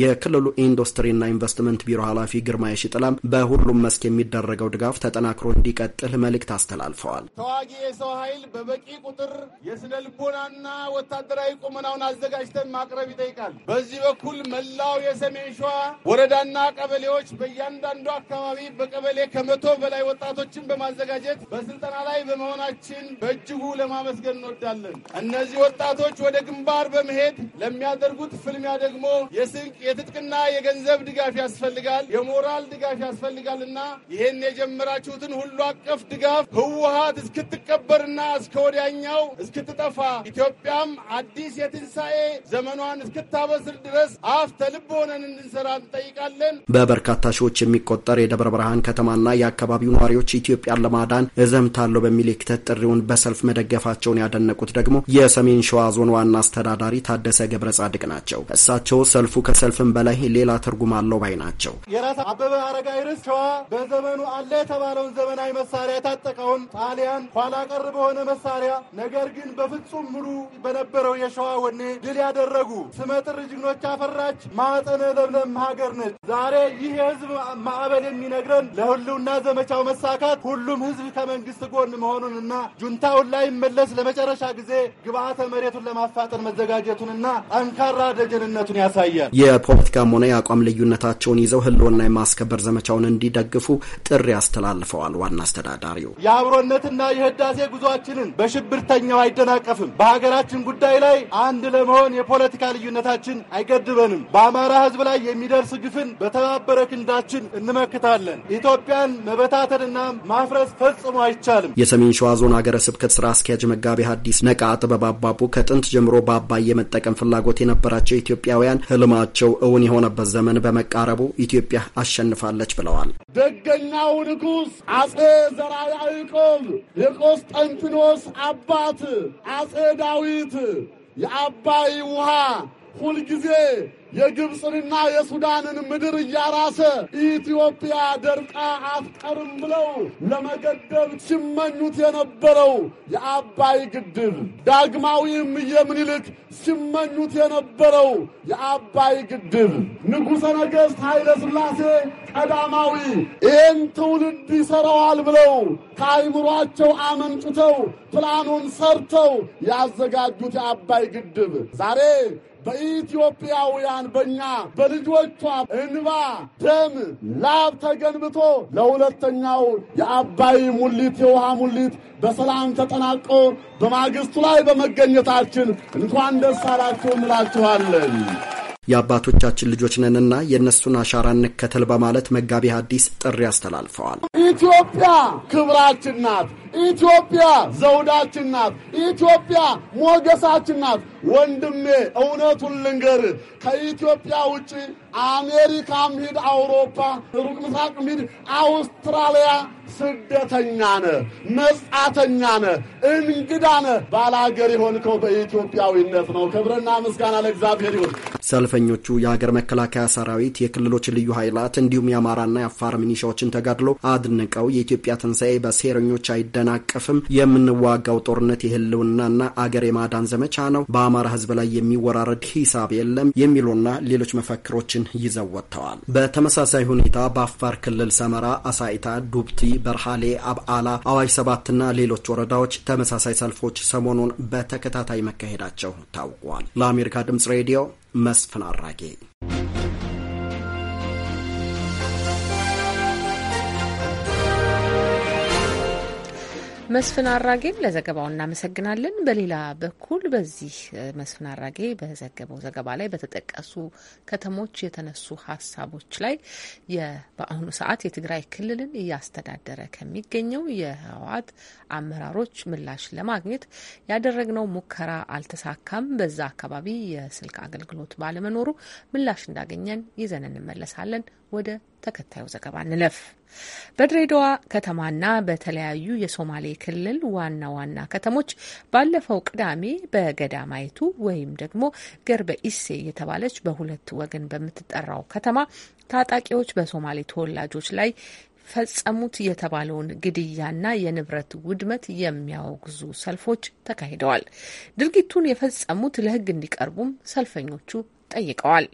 የክልሉ ኢንዱስትሪና ኢንቨስትመንት ቢሮ ኃላፊ ግርማ የሽጥላ በሁሉም መስክ የሚደረገው ድጋፍ ተጠናክሮ እንዲቀጥል መልእክት አስተላልፈዋል። ተዋጊ የሰው ኃይል በበቂ ቁጥር የስነ ልቦናና ወታደራዊ ቁመናውን አዘጋጅተን ማቅረብ ይጠይቃል። በዚህ በኩል መላው የሰሜን ሸዋ ወረዳና ቀበሌዎች በእያንዳንዱ አካባቢ በቀበሌ ከመቶ በላይ ወጣቶችን በማዘጋጀት በስልጠና ላይ በመሆናችን በእጅጉ ለማመስገን እንወዳለን። እነዚህ ወጣቶች ወደ ግንባር በመሄድ ለሚያደርጉት ፍልሚያ ደግሞ የስንቅ የትጥቅና የገንዘብ ድጋፍ ያስፈልጋል፣ የሞራል ድጋፍ ያስፈልጋል እና ይህን የጀመራችሁትን ሁሉ አቀፍ ድጋፍ ህወሀት እስክትቀበርና እስከ ወዲያኛው እስክትጠፋ ኢትዮጵያም አዲስ የትንሣኤ ዘመኗን እስክታበስር ድረስ አፍ ተልብ ሆነን እንድንሰራ እንጠይቃለን። በበርካታ ሺዎች የሚቆጠር የደብረ ብርሃን ከተማና የአካባቢው ነዋሪዎች ኢትዮጵያን ለማዳን እዘምታለሁ በሚል የክተት ጥሪውን በሰልፍ መደገፋቸውን ያደነቁት ደግሞ የሰሜን ሸዋ ዞን ዋና አስተዳዳሪ ታደሰ ገብረ ጻድቅ ናቸው። እሳቸው ሰልፉ ከሰ ሰልፍም በላይ ሌላ ትርጉም አለው ባይ ናቸው። የራስ አበበ አረጋይ ርዕስ ሸዋ በዘመኑ አለ የተባለውን ዘመናዊ መሳሪያ የታጠቀውን ጣሊያን ኋላ ቀር በሆነ መሳሪያ ነገር ግን በፍጹም ሙሉ በነበረው የሸዋ ወኔ ድል ያደረጉ ስመጥር ጀግኖች አፈራች ማዕጠነ ለምለም ሀገር ነች። ዛሬ ይህ የህዝብ ማዕበል የሚነግረን ለሁሉና ዘመቻው መሳካት ሁሉም ህዝብ ከመንግስት ጎን መሆኑንና ጁንታውን ላይ መለስ ለመጨረሻ ጊዜ ግብአተ መሬቱን ለማፋጠን መዘጋጀቱንና ጠንካራ ደጀንነቱን ያሳያል። የፖለቲካም ሆነ የአቋም ልዩነታቸውን ይዘው ህልውና የማስከበር ዘመቻውን እንዲደግፉ ጥሪ አስተላልፈዋል። ዋና አስተዳዳሪው የአብሮነትና የህዳሴ ጉዟችንን በሽብርተኛው አይደናቀፍም። በሀገራችን ጉዳይ ላይ አንድ ለመሆን የፖለቲካ ልዩነታችን አይገድበንም። በአማራ ህዝብ ላይ የሚደርስ ግፍን በተባበረ ክንዳችን እንመክታለን። ኢትዮጵያን መበታተንና ማፍረስ ፈጽሞ አይቻልም። የሰሜን ሸዋ ዞን ሀገረ ስብከት ስራ አስኪያጅ መጋቢ ሐዲስ ነቃ ጥበብ አባቡ ከጥንት ጀምሮ በአባይ የመጠቀም ፍላጎት የነበራቸው ኢትዮጵያውያን ህልማቸው ግባቸው እውን የሆነበት ዘመን በመቃረቡ ኢትዮጵያ አሸንፋለች ብለዋል። ደገኛው ንጉሥ አጼ ዘርዓ ያዕቆብ የቆስጠንጢኖስ አባት አጼ ዳዊት የአባይ ውሃ ሁልጊዜ የግብፅንና የሱዳንን ምድር እያራሰ ኢትዮጵያ ደርቃ አፍቀርም ብለው ለመገደብ ሲመኙት የነበረው የአባይ ግድብ ዳግማዊም የምኒልክ ሲመኙት የነበረው የአባይ ግድብ ንጉሠ ነገሥት ኃይለ ሥላሴ ቀዳማዊ ይህን ትውልድ ይሠራዋል ብለው ከአይምሯቸው አመንጭተው ፕላኑን ሰርተው ያዘጋጁት የአባይ ግድብ ዛሬ በኢትዮጵያውያን በእኛ በልጆቿ እንባ ደም ላብ ተገንብቶ ለሁለተኛው የአባይ ሙሊት የውሃ ሙሊት በሰላም ተጠናቆ በማግስቱ ላይ በመገኘታችን እንኳን ደስ አላችሁ እንላችኋለን። የአባቶቻችን ልጆች ነንና የእነሱን አሻራ እንከተል በማለት መጋቢ ሐዲስ ጥሪ አስተላልፈዋል። ኢትዮጵያ ክብራችን ናት። ኢትዮጵያ ዘውዳችን ናት። ኢትዮጵያ ሞገሳችን ናት። ወንድሜ እውነቱን ልንገር፣ ከኢትዮጵያ ውጭ አሜሪካም ሂድ፣ አውሮፓ፣ ሩቅ ምስራቅም ሂድ፣ አውስትራሊያ ስደተኛ ነ መጻተኛ ነ እንግዳ ነ ባላገር የሆንከው በኢትዮጵያዊነት ነው። ክብርና ምስጋና ለእግዚአብሔር ይሁን። ሰልፈኞቹ የሀገር መከላከያ ሰራዊት፣ የክልሎች ልዩ ኃይላት እንዲሁም የአማራና የአፋር ሚኒሻዎችን ተጋድሎ አድንቀው የኢትዮጵያ ትንሣኤ በሴረኞች አይደ እንዲደናቀፍም የምንዋጋው ጦርነት የህልውናና አገር የማዳን ዘመቻ ነው። በአማራ ህዝብ ላይ የሚወራረድ ሂሳብ የለም የሚሉና ሌሎች መፈክሮችን ይዘው ወጥተዋል። በተመሳሳይ ሁኔታ በአፋር ክልል ሰመራ፣ አሳይታ፣ ዱብቲ፣ በርሃሌ፣ አብዓላ፣ አዋሽ ሰባትና ሌሎች ወረዳዎች ተመሳሳይ ሰልፎች ሰሞኑን በተከታታይ መካሄዳቸው ታውቋል። ለአሜሪካ ድምጽ ሬዲዮ መስፍን አራጌ መስፍን አራጌን ለዘገባው እናመሰግናለን። በሌላ በኩል በዚህ መስፍን አራጌ በዘገበው ዘገባ ላይ በተጠቀሱ ከተሞች የተነሱ ሀሳቦች ላይ በአሁኑ ሰዓት የትግራይ ክልልን እያስተዳደረ ከሚገኘው የህወሓት አመራሮች ምላሽ ለማግኘት ያደረግነው ሙከራ አልተሳካም። በዛ አካባቢ የስልክ አገልግሎት ባለመኖሩ ምላሽ እንዳገኘን ይዘን እንመለሳለን። ወደ ተከታዩ ዘገባ እንለፍ። በድሬዳዋ ከተማና በተለያዩ የሶማሌ ክልል ዋና ዋና ከተሞች ባለፈው ቅዳሜ በገዳማይቱ ወይም ደግሞ ገርበ ኢሴ የተባለች በሁለት ወገን በምትጠራው ከተማ ታጣቂዎች በሶማሌ ተወላጆች ላይ ፈጸሙት የተባለውን ግድያና የንብረት ውድመት የሚያወግዙ ሰልፎች ተካሂደዋል። ድርጊቱን የፈጸሙት ለሕግ እንዲቀርቡም ሰልፈኞቹ ጠይቀዋል።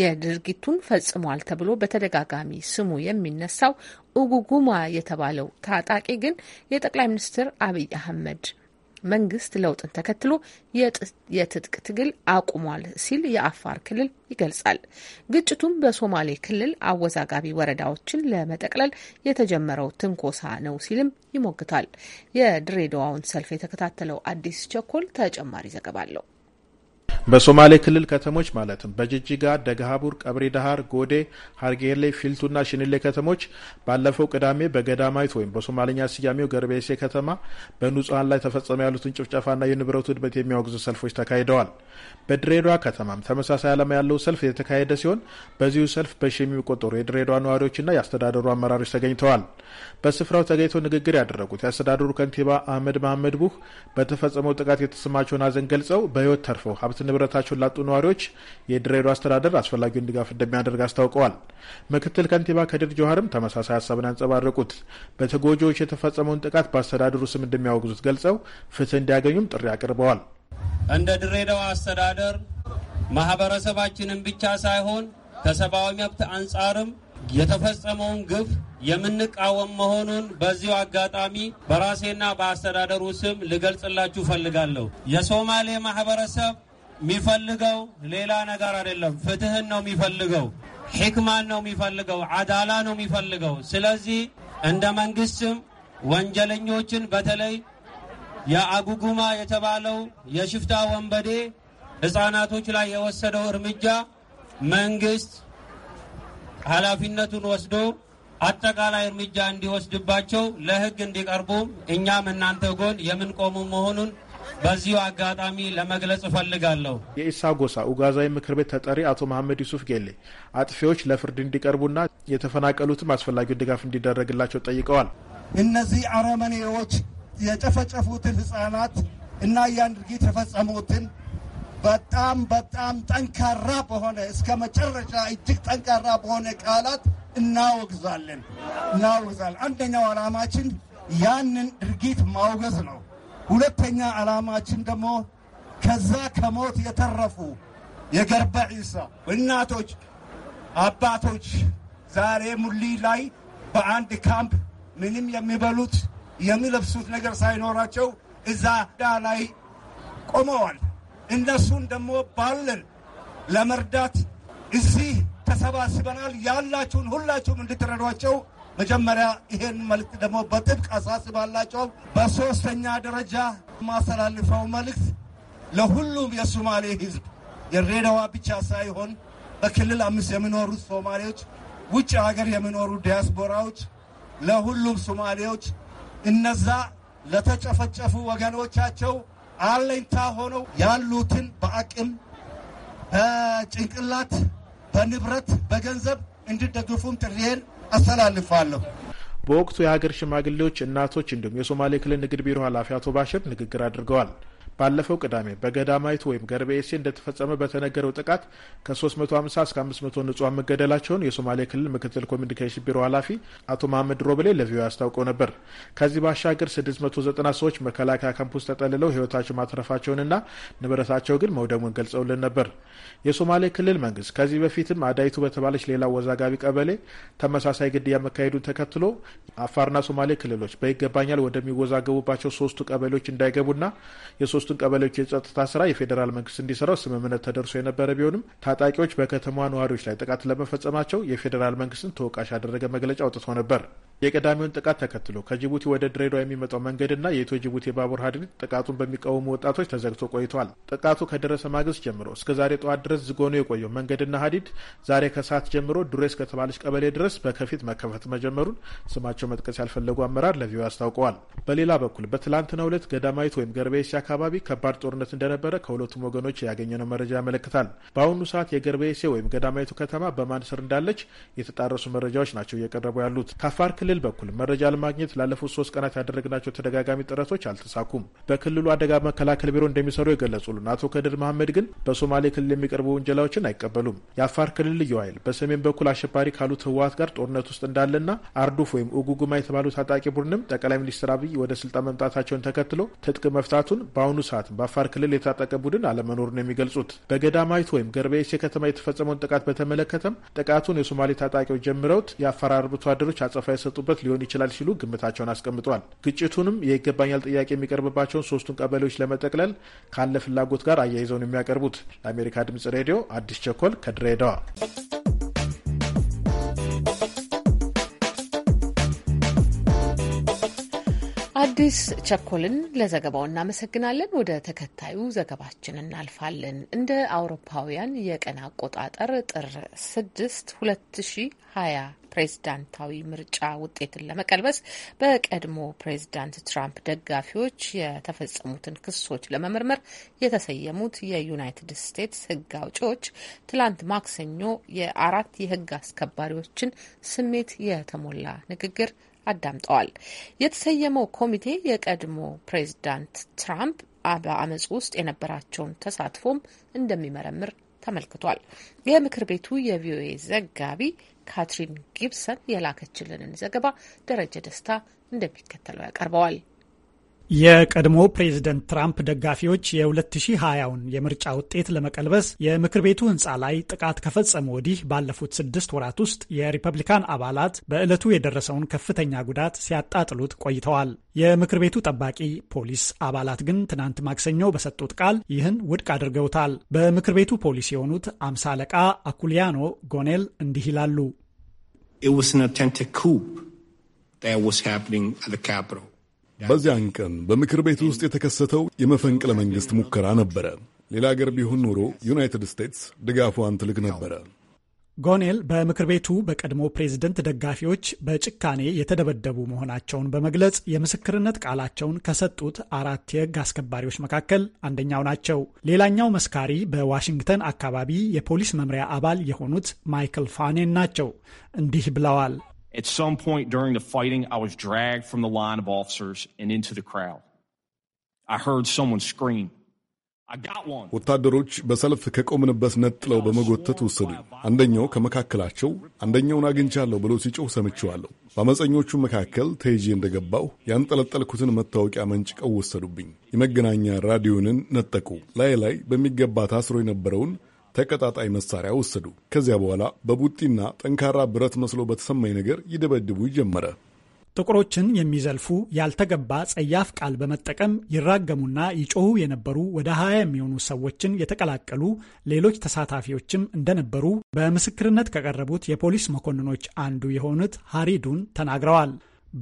የድርጊቱን ፈጽሟል ተብሎ በተደጋጋሚ ስሙ የሚነሳው ኡጉጉማ የተባለው ታጣቂ ግን የጠቅላይ ሚኒስትር አብይ አህመድ መንግስት ለውጥን ተከትሎ የትጥቅ ትግል አቁሟል ሲል የአፋር ክልል ይገልጻል። ግጭቱም በሶማሌ ክልል አወዛጋቢ ወረዳዎችን ለመጠቅለል የተጀመረው ትንኮሳ ነው ሲልም ይሞግታል። የድሬዳዋውን ሰልፍ የተከታተለው አዲስ ቸኮል ተጨማሪ ዘገባ አለው። በሶማሌ ክልል ከተሞች ማለትም በጅጅጋ፣ ደግሃቡር፣ ቀብሪ ዳሃር፣ ጎዴ፣ ሀርጌሌ፣ ፊልቱና ሽንሌ ከተሞች ባለፈው ቅዳሜ በገዳማዊት ወይም በሶማሌኛ ስያሜው ገርቤሴ ከተማ በንጹሀን ላይ ተፈጸመ ያሉትን ጭፍጨፋና የንብረቱ ውድመት የሚያወግዙ ሰልፎች ተካሂደዋል። በድሬዳዋ ከተማም ተመሳሳይ ዓላማ ያለው ሰልፍ የተካሄደ ሲሆን በዚሁ ሰልፍ በሺ የሚቆጠሩ የድሬዳዋ ነዋሪዎችና የአስተዳደሩ አመራሮች ተገኝተዋል። በስፍራው ተገኝተው ንግግር ያደረጉት የአስተዳደሩ ከንቲባ አህመድ መሐመድ ቡህ በተፈጸመው ጥቃት የተሰማቸውን አዘን ገልጸው በህይወት ተርፈው ሀብት ንብረ ንብረታቸውን ላጡ ነዋሪዎች የድሬዳዋ አስተዳደር አስፈላጊውን ድጋፍ እንደሚያደርግ አስታውቀዋል። ምክትል ከንቲባ ከድር ጀዋርም ተመሳሳይ ሀሳብን አንጸባረቁት። በተጎጂዎች የተፈጸመውን ጥቃት በአስተዳደሩ ስም እንደሚያወግዙት ገልጸው ፍትህ እንዲያገኙም ጥሪ አቅርበዋል። እንደ ድሬዳዋ አስተዳደር ማህበረሰባችንን ብቻ ሳይሆን ከሰብአዊ መብት አንጻርም የተፈጸመውን ግፍ የምንቃወም መሆኑን በዚሁ አጋጣሚ በራሴና በአስተዳደሩ ስም ልገልጽላችሁ ፈልጋለሁ። የሶማሌ ማህበረሰብ የሚፈልገው ሌላ ነገር አይደለም። ፍትህን ነው የሚፈልገው፣ ሕክማን ነው የሚፈልገው፣ አዳላ ነው የሚፈልገው። ስለዚህ እንደ መንግስትም ወንጀለኞችን በተለይ የአጉጉማ የተባለው የሽፍታ ወንበዴ ህጻናቶች ላይ የወሰደው እርምጃ መንግስት ኃላፊነቱን ወስዶ አጠቃላይ እርምጃ እንዲወስድባቸው ለህግ እንዲቀርቡ እኛም እናንተ ጎን የምንቆሙ መሆኑን በዚሁ አጋጣሚ ለመግለጽ እፈልጋለሁ። የኢሳ ጎሳ ኡጋዛዊ ምክር ቤት ተጠሪ አቶ መሐመድ ዩሱፍ ጌሌ አጥፊዎች ለፍርድ እንዲቀርቡና የተፈናቀሉትም አስፈላጊውን ድጋፍ እንዲደረግላቸው ጠይቀዋል። እነዚህ አረመኔዎች የጨፈጨፉትን ህጻናት እና ያን ድርጊት የፈጸሙትን በጣም በጣም ጠንካራ በሆነ እስከ መጨረሻ እጅግ ጠንካራ በሆነ ቃላት እናወግዛለን እናወግዛለን። አንደኛው ዓላማችን ያንን ድርጊት ማውገዝ ነው። ሁለተኛ ዓላማችን ደግሞ ከዛ ከሞት የተረፉ የገርበ ዒሳ እናቶች፣ አባቶች ዛሬ ሙሊ ላይ በአንድ ካምፕ ምንም የሚበሉት የሚለብሱት ነገር ሳይኖራቸው እዛ ዳ ላይ ቆመዋል። እነሱን ደግሞ ባለን ለመርዳት እዚህ ተሰባስበናል። ያላችሁን ሁላችሁም እንድትረዷቸው መጀመሪያ ይሄን መልእክት ደግሞ በጥብቅ አሳስባላቸው። በሶስተኛ ደረጃ ማስተላልፈው መልእክት ለሁሉም የሶማሌ ህዝብ የድሬዳዋ ብቻ ሳይሆን በክልል አምስት የሚኖሩት ሶማሌዎች፣ ውጭ ሀገር የሚኖሩ ዲያስፖራዎች፣ ለሁሉም ሶማሌዎች እነዛ ለተጨፈጨፉ ወገኖቻቸው አለኝታ ሆነው ያሉትን በአቅም በጭንቅላት፣ በንብረት፣ በገንዘብ እንዲደግፉም ጥሪዬን አስተላልፋለሁ። በወቅቱ የሀገር ሽማግሌዎች፣ እናቶች እንዲሁም የሶማሌ ክልል ንግድ ቢሮ ኃላፊ አቶ ባሽር ንግግር አድርገዋል። ባለፈው ቅዳሜ በገዳማይቱ ወይም ገርቤኤሲ እንደተፈጸመ በተነገረው ጥቃት ከ350 እስከ 500 ንጹሐን መገደላቸውን የሶማሌ ክልል ምክትል ኮሚኒኬሽን ቢሮ ኃላፊ አቶ መሀመድ ሮብሌ ለቪዮ አስታውቀው ነበር። ከዚህ ባሻገር 690 ሰዎች መከላከያ ካምፕ ውስጥ ተጠልለው ህይወታቸው ማትረፋቸውንና ንብረታቸው ግን መውደሙን ገልጸውልን ነበር። የሶማሌ ክልል መንግስት ከዚህ በፊትም አዳይቱ በተባለች ሌላ ወዛጋቢ ቀበሌ ተመሳሳይ ግድያ መካሄዱን ተከትሎ አፋርና ሶማሌ ክልሎች በይገባኛል ወደሚወዛገቡባቸው ሶስቱ ቀበሌዎች እንዳይገቡና የሶስቱ የሶስቱን ቀበሌዎች የጸጥታ ስራ የፌዴራል መንግስት እንዲሰራው ስምምነት ተደርሶ የነበረ ቢሆንም ታጣቂዎች በከተማዋ ነዋሪዎች ላይ ጥቃት ለመፈጸማቸው የፌዴራል መንግስትን ተወቃሽ ያደረገ መግለጫ አውጥቶ ነበር። የቀዳሚውን ጥቃት ተከትሎ ከጅቡቲ ወደ ድሬዳዋ የሚመጣው መንገድና የኢትዮ ጅቡቲ የባቡር ሀዲድ ጥቃቱን በሚቃወሙ ወጣቶች ተዘግቶ ቆይቷል። ጥቃቱ ከደረሰ ማግስት ጀምሮ እስከ ዛሬ ጠዋት ድረስ ዝግ ሆኖ የቆየው መንገድና ሀዲድ ዛሬ ከሰዓት ጀምሮ ዱሬስ ከተባለች ቀበሌ ድረስ በከፊት መከፈት መጀመሩን ስማቸው መጥቀስ ያልፈለጉ አመራር ለቪዮ አስታውቀዋል። በሌላ በኩል በትላንትናው ዕለት ገዳማዊት ወይም ገርቤሲ አካባቢ ከባድ ጦርነት እንደነበረ ከሁለቱም ወገኖች ያገኘነው መረጃ ያመለክታል። በአሁኑ ሰዓት የገርቤሴ ወይም ገዳማዊቱ ከተማ በማን ስር እንዳለች የተጣረሱ መረጃዎች ናቸው እየቀረቡ ያሉት ከአፋር በክልል በኩል መረጃ ለማግኘት ላለፉት ሶስት ቀናት ያደረግናቸው ተደጋጋሚ ጥረቶች አልተሳኩም። በክልሉ አደጋ መከላከል ቢሮ እንደሚሰሩ የገለጹልን አቶ ከድር መሐመድ ግን በሶማሌ ክልል የሚቀርቡ ውንጀላዎችን አይቀበሉም። የአፋር ክልል ልዩ ኃይል በሰሜን በኩል አሸባሪ ካሉት ህወሀት ጋር ጦርነት ውስጥ እንዳለና አርዱፍ ወይም ኡጉጉማ የተባሉ ታጣቂ ቡድንም ጠቅላይ ሚኒስትር አብይ ወደ ስልጣን መምጣታቸውን ተከትሎ ትጥቅ መፍታቱን በአሁኑ ሰዓት በአፋር ክልል የታጠቀ ቡድን አለመኖሩን የሚገልጹት በገዳማዊት ወይም ገርቤሴ ከተማ የተፈጸመውን ጥቃት በተመለከተም ጥቃቱን የሶማሌ ታጣቂዎች ጀምረውት የአፋር አርብቶ አደሮች አጸፋ የሰጡ የመጡበት ሊሆን ይችላል ሲሉ ግምታቸውን አስቀምጧል። ግጭቱንም የይገባኛል ጥያቄ የሚቀርብባቸውን ሶስቱን ቀበሌዎች ለመጠቅለል ካለ ፍላጎት ጋር አያይዘውን የሚያቀርቡት ለአሜሪካ ድምጽ ሬዲዮ አዲስ ቸኮል ከድሬዳዋ። አዲስ ቸኮልን ለዘገባው እናመሰግናለን። ወደ ተከታዩ ዘገባችን እናልፋለን። እንደ አውሮፓውያን የቀን አቆጣጠር ጥር ስድስት ሁለት ሺ ሀያ ፕሬዝዳንታዊ ምርጫ ውጤትን ለመቀልበስ በቀድሞ ፕሬዝዳንት ትራምፕ ደጋፊዎች የተፈጸሙትን ክሶች ለመመርመር የተሰየሙት የዩናይትድ ስቴትስ ሕግ አውጪዎች ትላንት ማክሰኞ የአራት የሕግ አስከባሪዎችን ስሜት የተሞላ ንግግር አዳምጠዋል። የተሰየመው ኮሚቴ የቀድሞ ፕሬዝዳንት ትራምፕ በአመፁ ውስጥ የነበራቸውን ተሳትፎም እንደሚመረምር ተመልክቷል። የምክር ቤቱ የቪኦኤ ዘጋቢ ካትሪን ጊብሰን የላከችልንን ዘገባ ደረጀ ደስታ እንደሚከተለው ያቀርበዋል። የቀድሞ ፕሬዝደንት ትራምፕ ደጋፊዎች የ 2020 የምርጫ ውጤት ለመቀልበስ የምክር ቤቱ ህንፃ ላይ ጥቃት ከፈጸሙ ወዲህ ባለፉት ስድስት ወራት ውስጥ የሪፐብሊካን አባላት በዕለቱ የደረሰውን ከፍተኛ ጉዳት ሲያጣጥሉት ቆይተዋል። የምክር ቤቱ ጠባቂ ፖሊስ አባላት ግን ትናንት ማክሰኞ በሰጡት ቃል ይህን ውድቅ አድርገውታል። በምክር ቤቱ ፖሊስ የሆኑት አምሳ አለቃ አኩሊያኖ ጎኔል እንዲህ ይላሉ። በዚያን ቀን በምክር ቤት ውስጥ የተከሰተው የመፈንቅለ መንግሥት ሙከራ ነበረ። ሌላ አገር ቢሆን ኖሮ ዩናይትድ ስቴትስ ድጋፏን ትልቅ ነበረ። ጎኔል በምክር ቤቱ በቀድሞ ፕሬዝደንት ደጋፊዎች በጭካኔ የተደበደቡ መሆናቸውን በመግለጽ የምስክርነት ቃላቸውን ከሰጡት አራት የሕግ አስከባሪዎች መካከል አንደኛው ናቸው። ሌላኛው መስካሪ በዋሽንግተን አካባቢ የፖሊስ መምሪያ አባል የሆኑት ማይክል ፋኔን ናቸው። እንዲህ ብለዋል። At some point during the fighting, I was dragged from the line of officers and into the crowd. I heard someone scream. ወታደሮች በሰልፍ ከቆምንበት ነጥለው በመጎተት ወሰዱኝ። አንደኛው ከመካከላቸው አንደኛውን አግኝቻለሁ ብሎ ሲጮህ ሰምቼዋለሁ። በአመፀኞቹ መካከል ተይዤ እንደገባሁ ያንጠለጠልኩትን መታወቂያ መንጭቀው ወሰዱብኝ። የመገናኛ ራዲዮንን ነጠቁ። ላይ ላይ በሚገባ ታስሮ የነበረውን ተቀጣጣይ መሳሪያ ወሰዱ። ከዚያ በኋላ በቡጢና ጠንካራ ብረት መስሎ በተሰማኝ ነገር ይደበድቡ ጀመረ። ጥቁሮችን የሚዘልፉ ያልተገባ ጸያፍ ቃል በመጠቀም ይራገሙና ይጮሁ የነበሩ ወደ ሀያ የሚሆኑ ሰዎችን የተቀላቀሉ ሌሎች ተሳታፊዎችም እንደነበሩ በምስክርነት ከቀረቡት የፖሊስ መኮንኖች አንዱ የሆኑት ሃሪዱን ተናግረዋል።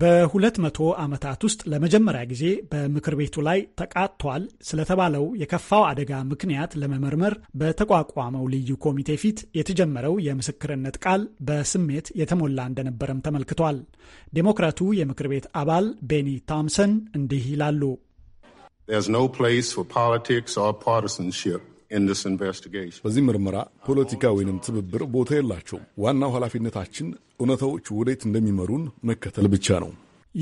በሁለት መቶ ዓመታት ውስጥ ለመጀመሪያ ጊዜ በምክር ቤቱ ላይ ተቃጥቷል ስለተባለው የከፋው አደጋ ምክንያት ለመመርመር በተቋቋመው ልዩ ኮሚቴ ፊት የተጀመረው የምስክርነት ቃል በስሜት የተሞላ እንደነበረም ተመልክቷል። ዴሞክራቱ የምክር ቤት አባል ቤኒ ቶምሰን እንዲህ ይላሉ። There's no place for politics or partisanship. በዚህ ምርመራ ፖለቲካ ወይንም ትብብር ቦታ የላቸውም። ዋናው ኃላፊነታችን እውነታዎች ወዴት እንደሚመሩን መከተል ብቻ ነው።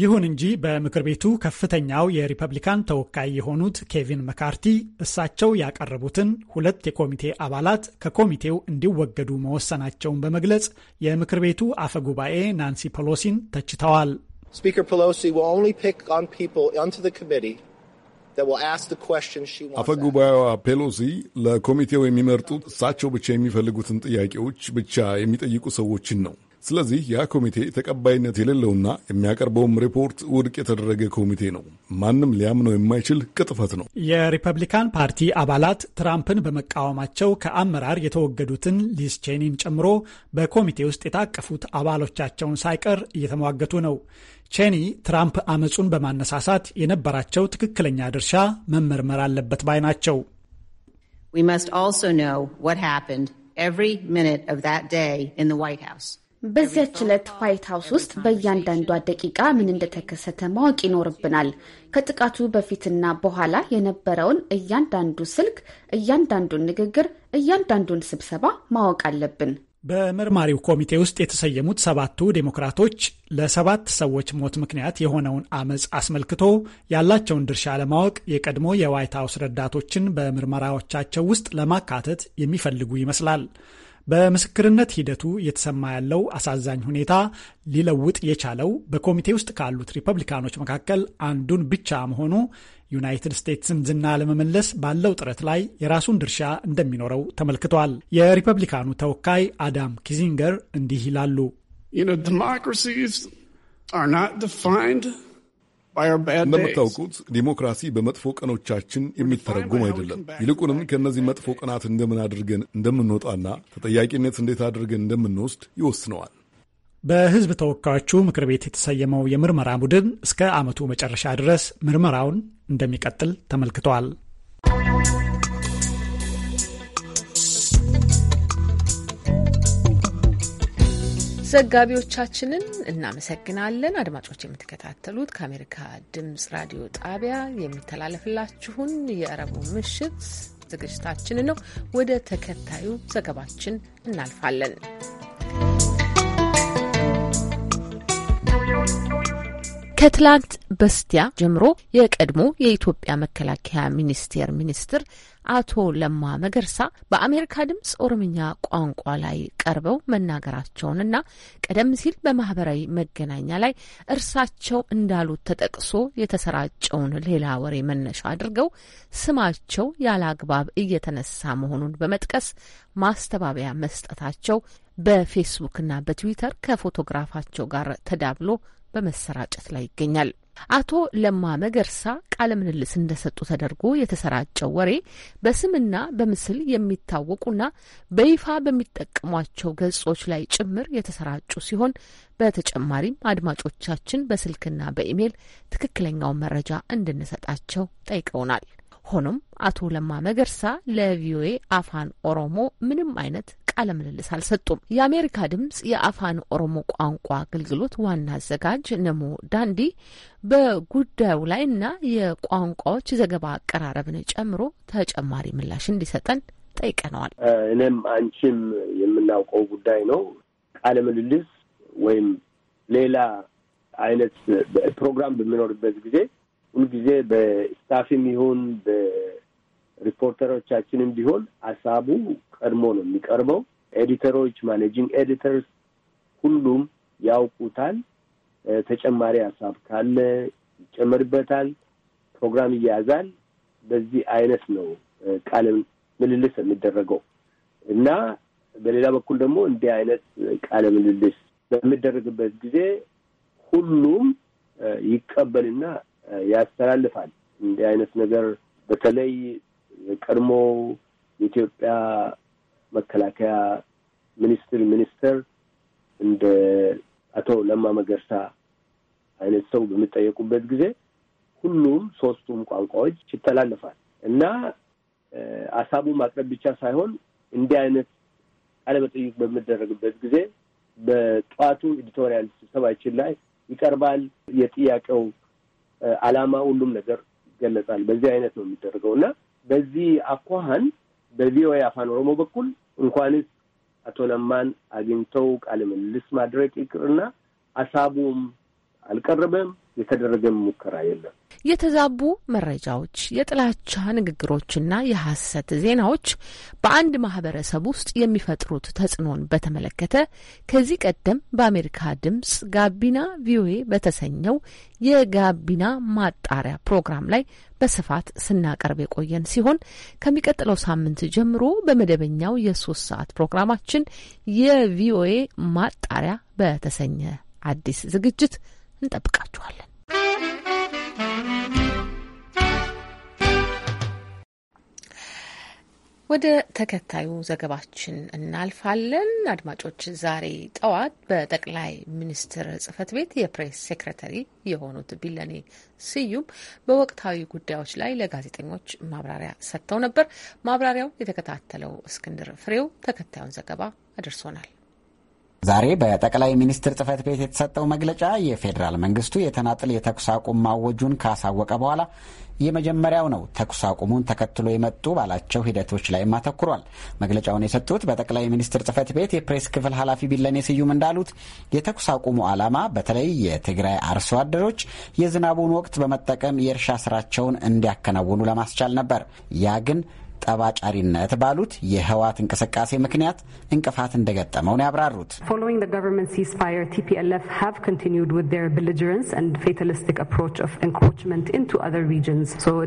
ይሁን እንጂ በምክር ቤቱ ከፍተኛው የሪፐብሊካን ተወካይ የሆኑት ኬቪን መካርቲ እሳቸው ያቀረቡትን ሁለት የኮሚቴ አባላት ከኮሚቴው እንዲወገዱ መወሰናቸውን በመግለጽ የምክር ቤቱ አፈ ጉባኤ ናንሲ ፔሎሲን ተችተዋል። አፈ ፔሎሲ ለኮሚቴው የሚመርጡት እሳቸው ብቻ የሚፈልጉትን ጥያቄዎች ብቻ የሚጠይቁ ሰዎችን ነው። ስለዚህ ያ ኮሚቴ ተቀባይነት የሌለውና የሚያቀርበውም ሪፖርት ውድቅ የተደረገ ኮሚቴ ነው። ማንም ሊያምነው የማይችል ቅጥፈት ነው። የሪፐብሊካን ፓርቲ አባላት ትራምፕን በመቃወማቸው ከአመራር የተወገዱትን ሊዝ ቼኒን ጨምሮ በኮሚቴ ውስጥ የታቀፉት አባሎቻቸውን ሳይቀር እየተሟገቱ ነው። ቼኒ ትራምፕ አመፁን በማነሳሳት የነበራቸው ትክክለኛ ድርሻ መመርመር አለበት ባይ ናቸው። We must also know what happened every minute of that day in the White House. በዚያች ዕለት ዋይት ሀውስ ውስጥ በእያንዳንዷ ደቂቃ ምን እንደተከሰተ ማወቅ ይኖርብናል። ከጥቃቱ በፊትና በኋላ የነበረውን እያንዳንዱ ስልክ፣ እያንዳንዱን ንግግር፣ እያንዳንዱን ስብሰባ ማወቅ አለብን። በመርማሪው ኮሚቴ ውስጥ የተሰየሙት ሰባቱ ዴሞክራቶች ለሰባት ሰዎች ሞት ምክንያት የሆነውን አመፅ አስመልክቶ ያላቸውን ድርሻ ለማወቅ የቀድሞ የዋይት ሀውስ ረዳቶችን በምርመራዎቻቸው ውስጥ ለማካተት የሚፈልጉ ይመስላል። በምስክርነት ሂደቱ እየተሰማ ያለው አሳዛኝ ሁኔታ ሊለውጥ የቻለው በኮሚቴ ውስጥ ካሉት ሪፐብሊካኖች መካከል አንዱን ብቻ መሆኑ ዩናይትድ ስቴትስን ዝና ለመመለስ ባለው ጥረት ላይ የራሱን ድርሻ እንደሚኖረው ተመልክቷል። የሪፐብሊካኑ ተወካይ አዳም ኪዚንገር እንዲህ ይላሉ። እንደምታውቁት ዲሞክራሲ በመጥፎ ቀኖቻችን የሚተረጎም አይደለም። ይልቁንም ከእነዚህ መጥፎ ቀናት እንደምን አድርገን እንደምንወጣና ተጠያቂነት እንዴት አድርገን እንደምንወስድ ይወስነዋል። በሕዝብ ተወካዮቹ ምክር ቤት የተሰየመው የምርመራ ቡድን እስከ ዓመቱ መጨረሻ ድረስ ምርመራውን እንደሚቀጥል ተመልክተዋል። ዘጋቢዎቻችንን እናመሰግናለን። አድማጮች የምትከታተሉት ከአሜሪካ ድምጽ ራዲዮ ጣቢያ የሚተላለፍላችሁን የእረቡ ምሽት ዝግጅታችንን ነው። ወደ ተከታዩ ዘገባችን እናልፋለን። ከትላንት በስቲያ ጀምሮ የቀድሞ የኢትዮጵያ መከላከያ ሚኒስቴር ሚኒስትር አቶ ለማ መገርሳ በአሜሪካ ድምጽ ኦሮምኛ ቋንቋ ላይ ቀርበው መናገራቸውንና ቀደም ሲል በማህበራዊ መገናኛ ላይ እርሳቸው እንዳሉት ተጠቅሶ የተሰራጨውን ሌላ ወሬ መነሻ አድርገው ስማቸው ያለ አግባብ እየተነሳ መሆኑን በመጥቀስ ማስተባበያ መስጠታቸው በፌስቡክና በትዊተር ከፎቶግራፋቸው ጋር ተዳብሎ በመሰራጨት ላይ ይገኛል። አቶ ለማ መገርሳ ቃለ ምልልስ እንደሰጡ ተደርጎ የተሰራጨው ወሬ በስምና በምስል የሚታወቁና በይፋ በሚጠቀሟቸው ገጾች ላይ ጭምር የተሰራጩ ሲሆን በተጨማሪም አድማጮቻችን በስልክና በኢሜይል ትክክለኛውን መረጃ እንድንሰጣቸው ጠይቀውናል። ሆኖም አቶ ለማ መገርሳ ለቪኦኤ አፋን ኦሮሞ ምንም አይነት ቃለ ምልልስ አልሰጡም። የአሜሪካ ድምጽ የአፋን ኦሮሞ ቋንቋ አገልግሎት ዋና አዘጋጅ ነሞ ዳንዲ በጉዳዩ ላይና የቋንቋዎች ዘገባ አቀራረብን ጨምሮ ተጨማሪ ምላሽ እንዲሰጠን ጠይቀነዋል። እኔም አንቺም የምናውቀው ጉዳይ ነው። ቃለ ምልልስ ወይም ሌላ አይነት ፕሮግራም በሚኖርበት ጊዜ ሁልጊዜ በስታፍም ይሁን ሪፖርተሮቻችንም ቢሆን ሀሳቡ ቀድሞ ነው የሚቀርበው። ኤዲተሮች፣ ማኔጂንግ ኤዲተርስ ሁሉም ያውቁታል። ተጨማሪ ሀሳብ ካለ ይጨመርበታል። ፕሮግራም ይያዛል። በዚህ አይነት ነው ቃለ ምልልስ የሚደረገው እና በሌላ በኩል ደግሞ እንዲህ አይነት ቃለ ምልልስ በሚደረግበት ጊዜ ሁሉም ይቀበልና ያስተላልፋል። እንዲህ አይነት ነገር በተለይ የቀድሞ የኢትዮጵያ መከላከያ ሚኒስትር ሚኒስተር እንደ አቶ ለማ መገርሳ አይነት ሰው በሚጠየቁበት ጊዜ ሁሉም ሶስቱም ቋንቋዎች ይተላለፋል እና አሳቡ ማቅረብ ብቻ ሳይሆን እንዲህ አይነት ቃለ መጠይቅ በሚደረግበት ጊዜ በጠዋቱ ኤዲቶሪያል ስብሰባችን ላይ ይቀርባል። የጥያቄው ዓላማ ሁሉም ነገር ይገለጻል። በዚህ አይነት ነው የሚደረገው እና በዚህ አኳኋን በቪኦኤ አፋን ኦሮሞ በኩል እንኳንስ አቶ ለማን አግኝተው ቃለ ምልልስ ማድረግ ይቅርና ሀሳቡም አልቀረበም። የተደረገ ሙከራ የለም። የተዛቡ መረጃዎች፣ የጥላቻ ንግግሮችና የሐሰት ዜናዎች በአንድ ማህበረሰብ ውስጥ የሚፈጥሩት ተጽዕኖን በተመለከተ ከዚህ ቀደም በአሜሪካ ድምጽ ጋቢና ቪኦኤ በተሰኘው የጋቢና ማጣሪያ ፕሮግራም ላይ በስፋት ስናቀርብ የቆየን ሲሆን ከሚቀጥለው ሳምንት ጀምሮ በመደበኛው የሶስት ሰዓት ፕሮግራማችን የቪኦኤ ማጣሪያ በተሰኘ አዲስ ዝግጅት እንጠብቃችኋለን። ወደ ተከታዩ ዘገባችን እናልፋለን። አድማጮች ዛሬ ጠዋት በጠቅላይ ሚኒስትር ጽህፈት ቤት የፕሬስ ሴክረተሪ የሆኑት ቢለኔ ስዩም በወቅታዊ ጉዳዮች ላይ ለጋዜጠኞች ማብራሪያ ሰጥተው ነበር። ማብራሪያው የተከታተለው እስክንድር ፍሬው ተከታዩን ዘገባ አድርሶናል። ዛሬ በጠቅላይ ሚኒስትር ጽህፈት ቤት የተሰጠው መግለጫ የፌዴራል መንግስቱ የተናጥል የተኩስ አቁም ማወጁን ካሳወቀ በኋላ የመጀመሪያው ነው። ተኩስ አቁሙን ተከትሎ የመጡ ባላቸው ሂደቶች ላይም አተኩሯል። መግለጫውን የሰጡት በጠቅላይ ሚኒስትር ጽህፈት ቤት የፕሬስ ክፍል ኃላፊ ቢለኔ ስዩም እንዳሉት የተኩስ አቁሙ ዓላማ በተለይ የትግራይ አርሶ አደሮች የዝናቡን ወቅት በመጠቀም የእርሻ ስራቸውን እንዲያከናውኑ ለማስቻል ነበር። ያ ግን ጠባጫሪነት ባሉት የህወሓት እንቅስቃሴ ምክንያት እንቅፋት እንደገጠመው ነው ያብራሩት። uh,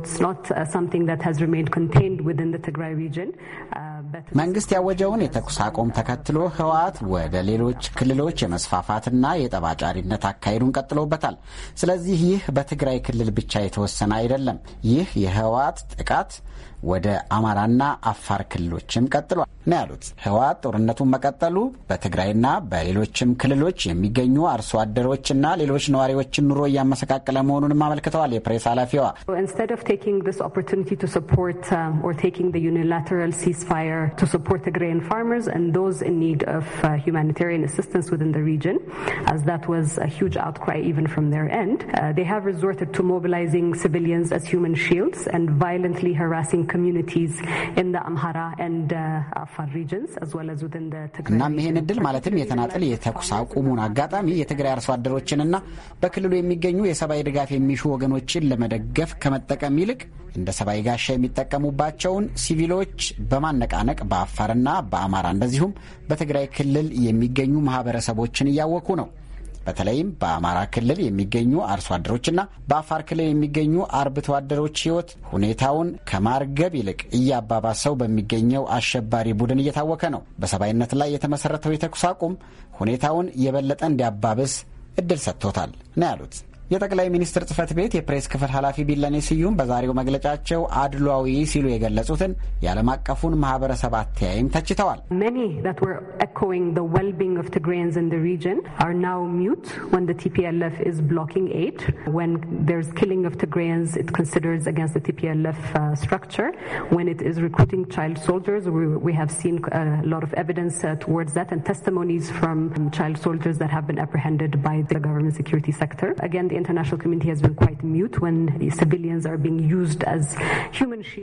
uh, መንግስት ያወጀውን የተኩስ አቁም ተከትሎ ህወሓት ወደ ሌሎች ክልሎች የመስፋፋትና የጠባጫሪነት አካሄዱን ቀጥሎበታል። ስለዚህ ይህ በትግራይ ክልል ብቻ የተወሰነ አይደለም። ይህ የህወሓት ጥቃት instead of taking this opportunity to support um, or taking the unilateral ceasefire to support the Tigrayan farmers and those in need of uh, humanitarian assistance within the region, as that was a huge outcry even from their end, uh, they have resorted to mobilizing civilians as human shields and violently harassing እናም ይህን እድል ማለትም የተናጠል የተኩስ አቁሙን አጋጣሚ የትግራይ አርሶ አደሮችንና በክልሉ የሚገኙ የሰብአዊ ድጋፍ የሚሹ ወገኖችን ለመደገፍ ከመጠቀም ይልቅ እንደ ሰብአዊ ጋሻ የሚጠቀሙባቸውን ሲቪሎች በማነቃነቅ በአፋርና በአማራ እንደዚሁም በትግራይ ክልል የሚገኙ ማህበረሰቦችን እያወኩ ነው። በተለይም በአማራ ክልል የሚገኙ አርሶ አደሮችና በአፋር ክልል የሚገኙ አርብቶ አደሮች ህይወት ሁኔታውን ከማርገብ ይልቅ እያባባሰው በሚገኘው አሸባሪ ቡድን እየታወከ ነው። በሰብአዊነት ላይ የተመሰረተው የተኩስ አቁም ሁኔታውን የበለጠ እንዲያባብስ እድል ሰጥቶታል ነው ያሉት የጠቅላይ ሚኒስትር ጽህፈት ቤት የፕሬስ ክፍል ኃላፊ ቢለኔ ስዩም በዛሬው መግለጫቸው አድሏዊ ሲሉ የገለጹትን የዓለም አቀፉን ማህበረሰብ አተያይም ተችተዋል። ሪጅን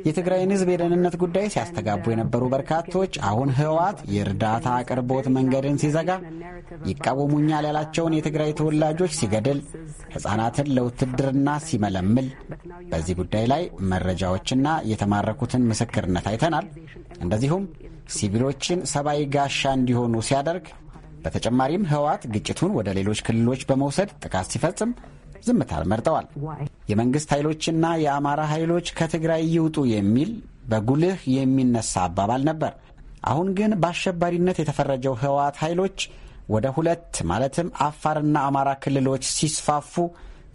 የትግራይን ህዝብ የደህንነት ጉዳይ ሲያስተጋቡ የነበሩ በርካቶች አሁን ህወሓት የእርዳታ አቅርቦት መንገድን ሲዘጋ ይቃወሙኛል ያላቸውን የትግራይ ተወላጆች ሲገድል፣ ህፃናትን ለውትድርና ሲመለምል፣ በዚህ ጉዳይ ላይ መረጃዎችና የተማረኩትን ምስክርነት አይተናል። እንደዚሁም ሲቪሎችን ሰብአዊ ጋሻ እንዲሆኑ ሲያደርግ በተጨማሪም ህወሓት ግጭቱን ወደ ሌሎች ክልሎች በመውሰድ ጥቃት ሲፈጽም ዝምታን መርጠዋል። የመንግስት ኃይሎችና የአማራ ኃይሎች ከትግራይ ይውጡ የሚል በጉልህ የሚነሳ አባባል ነበር። አሁን ግን በአሸባሪነት የተፈረጀው ህወሓት ኃይሎች ወደ ሁለት ማለትም አፋርና አማራ ክልሎች ሲስፋፉ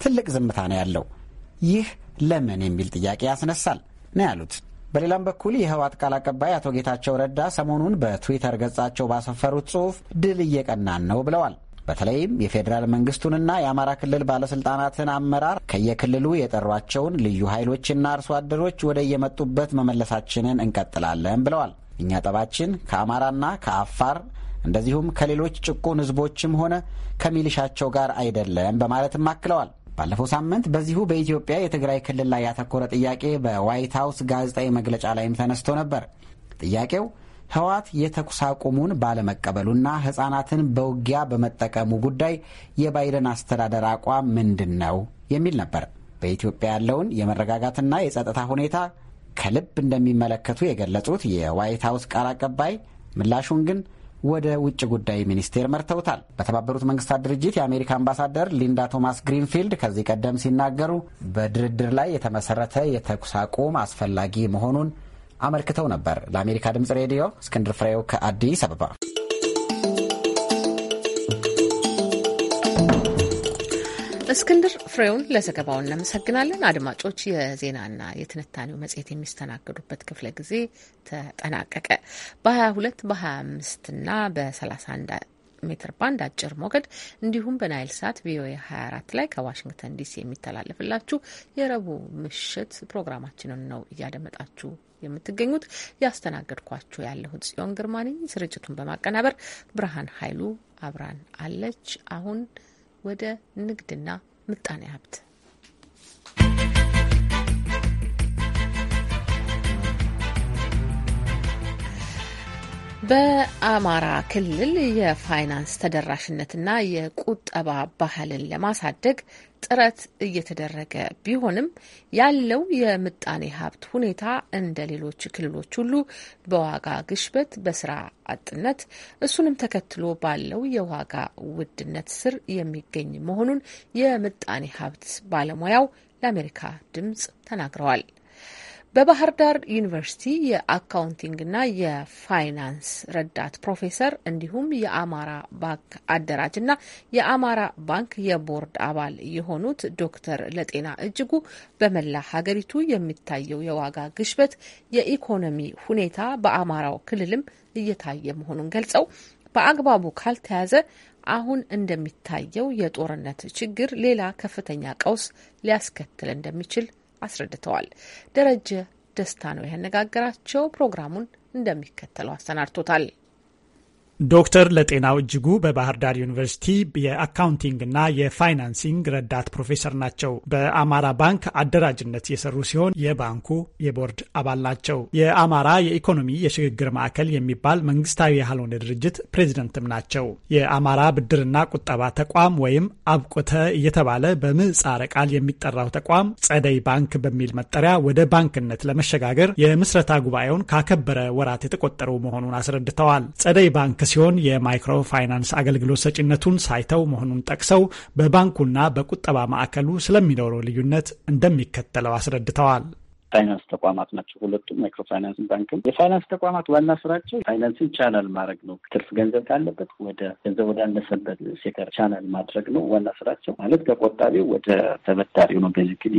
ትልቅ ዝምታ ነው ያለው። ይህ ለምን የሚል ጥያቄ ያስነሳል ነው ያሉት። በሌላም በኩል የህወሓት ቃል አቀባይ አቶ ጌታቸው ረዳ ሰሞኑን በትዊተር ገጻቸው ባሰፈሩት ጽሑፍ ድል እየቀናን ነው ብለዋል። በተለይም የፌዴራል መንግስቱንና የአማራ ክልል ባለስልጣናትን አመራር ከየክልሉ የጠሯቸውን ልዩ ኃይሎችና አርሶ አደሮች ወደ የመጡበት መመለሳችንን እንቀጥላለን ብለዋል። እኛ ጠባችን ከአማራና ከአፋር እንደዚሁም ከሌሎች ጭቁን ህዝቦችም ሆነ ከሚሊሻቸው ጋር አይደለም በማለትም አክለዋል። ባለፈው ሳምንት በዚሁ በኢትዮጵያ የትግራይ ክልል ላይ ያተኮረ ጥያቄ በዋይት ሀውስ ጋዜጣዊ መግለጫ ላይም ተነስቶ ነበር። ጥያቄው ህወሓት የተኩስ አቁሙን ባለመቀበሉና ህጻናትን በውጊያ በመጠቀሙ ጉዳይ የባይደን አስተዳደር አቋም ምንድን ነው የሚል ነበር። በኢትዮጵያ ያለውን የመረጋጋትና የጸጥታ ሁኔታ ከልብ እንደሚመለከቱ የገለጹት የዋይት ሀውስ ቃል አቀባይ ምላሹን ግን ወደ ውጭ ጉዳይ ሚኒስቴር መርተውታል። በተባበሩት መንግስታት ድርጅት የአሜሪካ አምባሳደር ሊንዳ ቶማስ ግሪንፊልድ ከዚህ ቀደም ሲናገሩ በድርድር ላይ የተመሰረተ የተኩስ አቁም አስፈላጊ መሆኑን አመልክተው ነበር። ለአሜሪካ ድምጽ ሬዲዮ እስክንድር ፍሬው ከአዲስ አበባ። እስክንድር ፍሬውን ለዘገባው እናመሰግናለን። አድማጮች፣ የዜናና የትንታኔው መጽሔት የሚስተናገዱበት ክፍለ ጊዜ ተጠናቀቀ። በ22 በ25ና በ31 ሜትር ባንድ አጭር ሞገድ እንዲሁም በናይል ሳት ቪኦኤ 24 ላይ ከዋሽንግተን ዲሲ የሚተላለፍላችሁ የረቡዕ ምሽት ፕሮግራማችንን ነው እያደመጣችሁ የምትገኙት። ያስተናገድኳችሁ ያለሁት ጽዮን ግርማ ነኝ። ስርጭቱን በማቀናበር ብርሃን ኃይሉ አብራን አለች። አሁን ወደ ንግድና ምጣኔ ሀብት በአማራ ክልል የፋይናንስ ተደራሽነትና የቁጠባ ባህልን ለማሳደግ ጥረት እየተደረገ ቢሆንም ያለው የምጣኔ ሀብት ሁኔታ እንደ ሌሎች ክልሎች ሁሉ በዋጋ ግሽበት፣ በስራ አጥነት እሱንም ተከትሎ ባለው የዋጋ ውድነት ስር የሚገኝ መሆኑን የምጣኔ ሀብት ባለሙያው ለአሜሪካ ድምጽ ተናግረዋል። በባህር ዳር ዩኒቨርሲቲ የአካውንቲንግና የፋይናንስ ረዳት ፕሮፌሰር እንዲሁም የአማራ ባንክ አደራጅና የአማራ ባንክ የቦርድ አባል የሆኑት ዶክተር ለጤና እጅጉ በመላ ሀገሪቱ የሚታየው የዋጋ ግሽበት የኢኮኖሚ ሁኔታ በአማራው ክልልም እየታየ መሆኑን ገልጸው በአግባቡ ካልተያዘ አሁን እንደሚታየው የጦርነት ችግር ሌላ ከፍተኛ ቀውስ ሊያስከትል እንደሚችል አስረድተዋል። ደረጀ ደስታ ነው ያነጋገራቸው። ፕሮግራሙን እንደሚከተለው አሰናድቶታል። ዶክተር ለጤናው እጅጉ በባህር ዳር ዩኒቨርሲቲ የአካውንቲንግ እና የፋይናንሲንግ ረዳት ፕሮፌሰር ናቸው። በአማራ ባንክ አደራጅነት የሰሩ ሲሆን የባንኩ የቦርድ አባል ናቸው። የአማራ የኢኮኖሚ የሽግግር ማዕከል የሚባል መንግስታዊ ያልሆነ ድርጅት ፕሬዚደንትም ናቸው። የአማራ ብድርና ቁጠባ ተቋም ወይም አብቆተ እየተባለ በምህጻረ ቃል የሚጠራው ተቋም ጸደይ ባንክ በሚል መጠሪያ ወደ ባንክነት ለመሸጋገር የምስረታ ጉባኤውን ካከበረ ወራት የተቆጠሩ መሆኑን አስረድተዋል። ጸደይ ባንክ ሲሆን የማይክሮ ፋይናንስ አገልግሎት ሰጪነቱን ሳይተው መሆኑን ጠቅሰው በባንኩና በቁጠባ ማዕከሉ ስለሚኖረው ልዩነት እንደሚከተለው አስረድተዋል። ፋይናንስ ተቋማት ናቸው። ሁለቱም ማይክሮ ፋይናንስ ባንክም። የፋይናንስ ተቋማት ዋና ስራቸው ፋይናንስን ቻናል ማድረግ ነው። ትርፍ ገንዘብ ካለበት ወደ ገንዘብ ወዳነሰበት ሴክተር ቻናል ማድረግ ነው ዋና ስራቸው። ማለት ከቆጣቢው ወደ ተበዳሪው ነው። ቤዚክሊ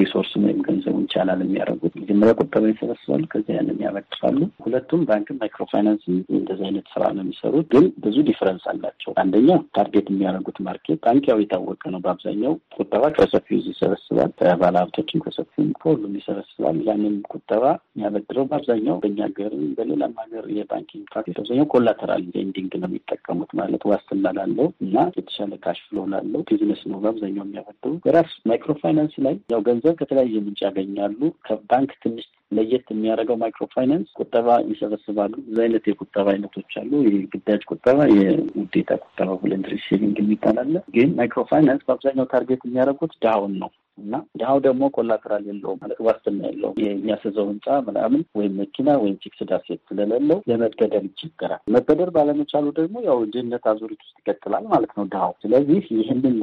ሪሶርስን ወይም ገንዘቡን ቻናል የሚያደርጉት መጀመሪያ ቆጠባ ይሰበስባሉ፣ ከዚያ ያንን ያበድራሉ። ሁለቱም ባንክም ማይክሮ ፋይናንስ እንደዚህ አይነት ስራ ነው የሚሰሩት። ግን ብዙ ዲፈረንስ አላቸው። አንደኛ ታርጌት የሚያደርጉት ማርኬት ባንክ ያው የታወቀ ነው። በአብዛኛው ቁጠባ ከሰፊው ይሰበስባል፣ ከባለሀብቶችም ከሰፊው ከሁሉም ይሰበ ይሰበስባል። ያንን ቁጠባ የሚያበድረው በአብዛኛው በእኛ ሀገር፣ በሌላም ሀገር የባንኪንግ ፕራክቲስ በአብዛኛው ኮላተራል ሌንዲንግ ነው የሚጠቀሙት። ማለት ዋስትና ላለው እና የተሻለ ካሽ ፍሎ ላለው ቢዝነስ ነው በአብዛኛው የሚያበድሩ። በራስ ማይክሮ ፋይናንስ ላይ ያው ገንዘብ ከተለያየ ምንጭ ያገኛሉ። ከባንክ ትንሽ ለየት የሚያደርገው ማይክሮ ፋይናንስ ቁጠባ ይሰበስባሉ። ብዙ አይነት የቁጠባ አይነቶች አሉ። የግዳጅ ቁጠባ፣ የውዴታ ቁጠባ ቮለንተሪ ሴቪንግ የሚባል አለ። ግን ማይክሮ ፋይናንስ በአብዛኛው ታርጌት የሚያደርጉት ድሃውን ነው እና ድሃው ደግሞ ኮላተራል የለውም ማለት ዋስትና የለውም። የሚያስዘው ህንፃ ምናምን ወይም መኪና ወይም ፊክስድ አሴት ስለሌለው ለመበደር ይቸገራል። መበደር ባለመቻሉ ደግሞ ያው ድህነት አዙሪት ውስጥ ይቀጥላል ማለት ነው ድሃው። ስለዚህ ይህንን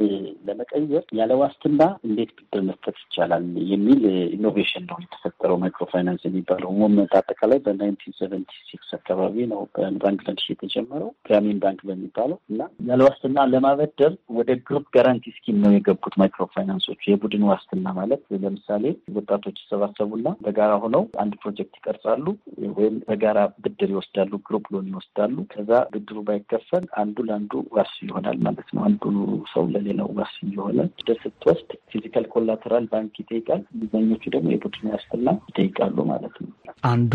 ለመቀየር ያለ ዋስትና እንዴት ብድር መስጠት ይቻላል የሚል ኢኖቬሽን ነው የተፈጠረው ማይክሮ ፋይናንስ የሚባለው ሞመንት አጠቃላይ በናይንቲን ሰቨንቲ ሲክስ አካባቢ ነው ባንግላዴሽ የተጀመረው ግራሚን ባንክ በሚባለው እና ያለ ዋስትና ለማበደር ወደ ግሩፕ ጋራንቲ ስኪም ነው የገቡት ማይክሮ ፋይናንሶቹ። የቡድን ዋስትና ማለት ለምሳሌ ወጣቶች ይሰባሰቡና በጋራ ሆነው አንድ ፕሮጀክት ይቀርጻሉ ወይም በጋራ ብድር ይወስዳሉ፣ ግሩፕ ሎን ይወስዳሉ። ከዛ ብድሩ ባይከፈል አንዱ ለአንዱ ዋስ ይሆናል ማለት ነው። አንዱ ሰው ለሌላው ዋስ እየሆነ ስትወስድ ፊዚካል ኮላተራል ባንክ ይጠይቃል። ዲዛኞቹ ደግሞ የቡድን ዋስትና ይጠይቃል። ይችላሉ ማለት ነው። አንዱ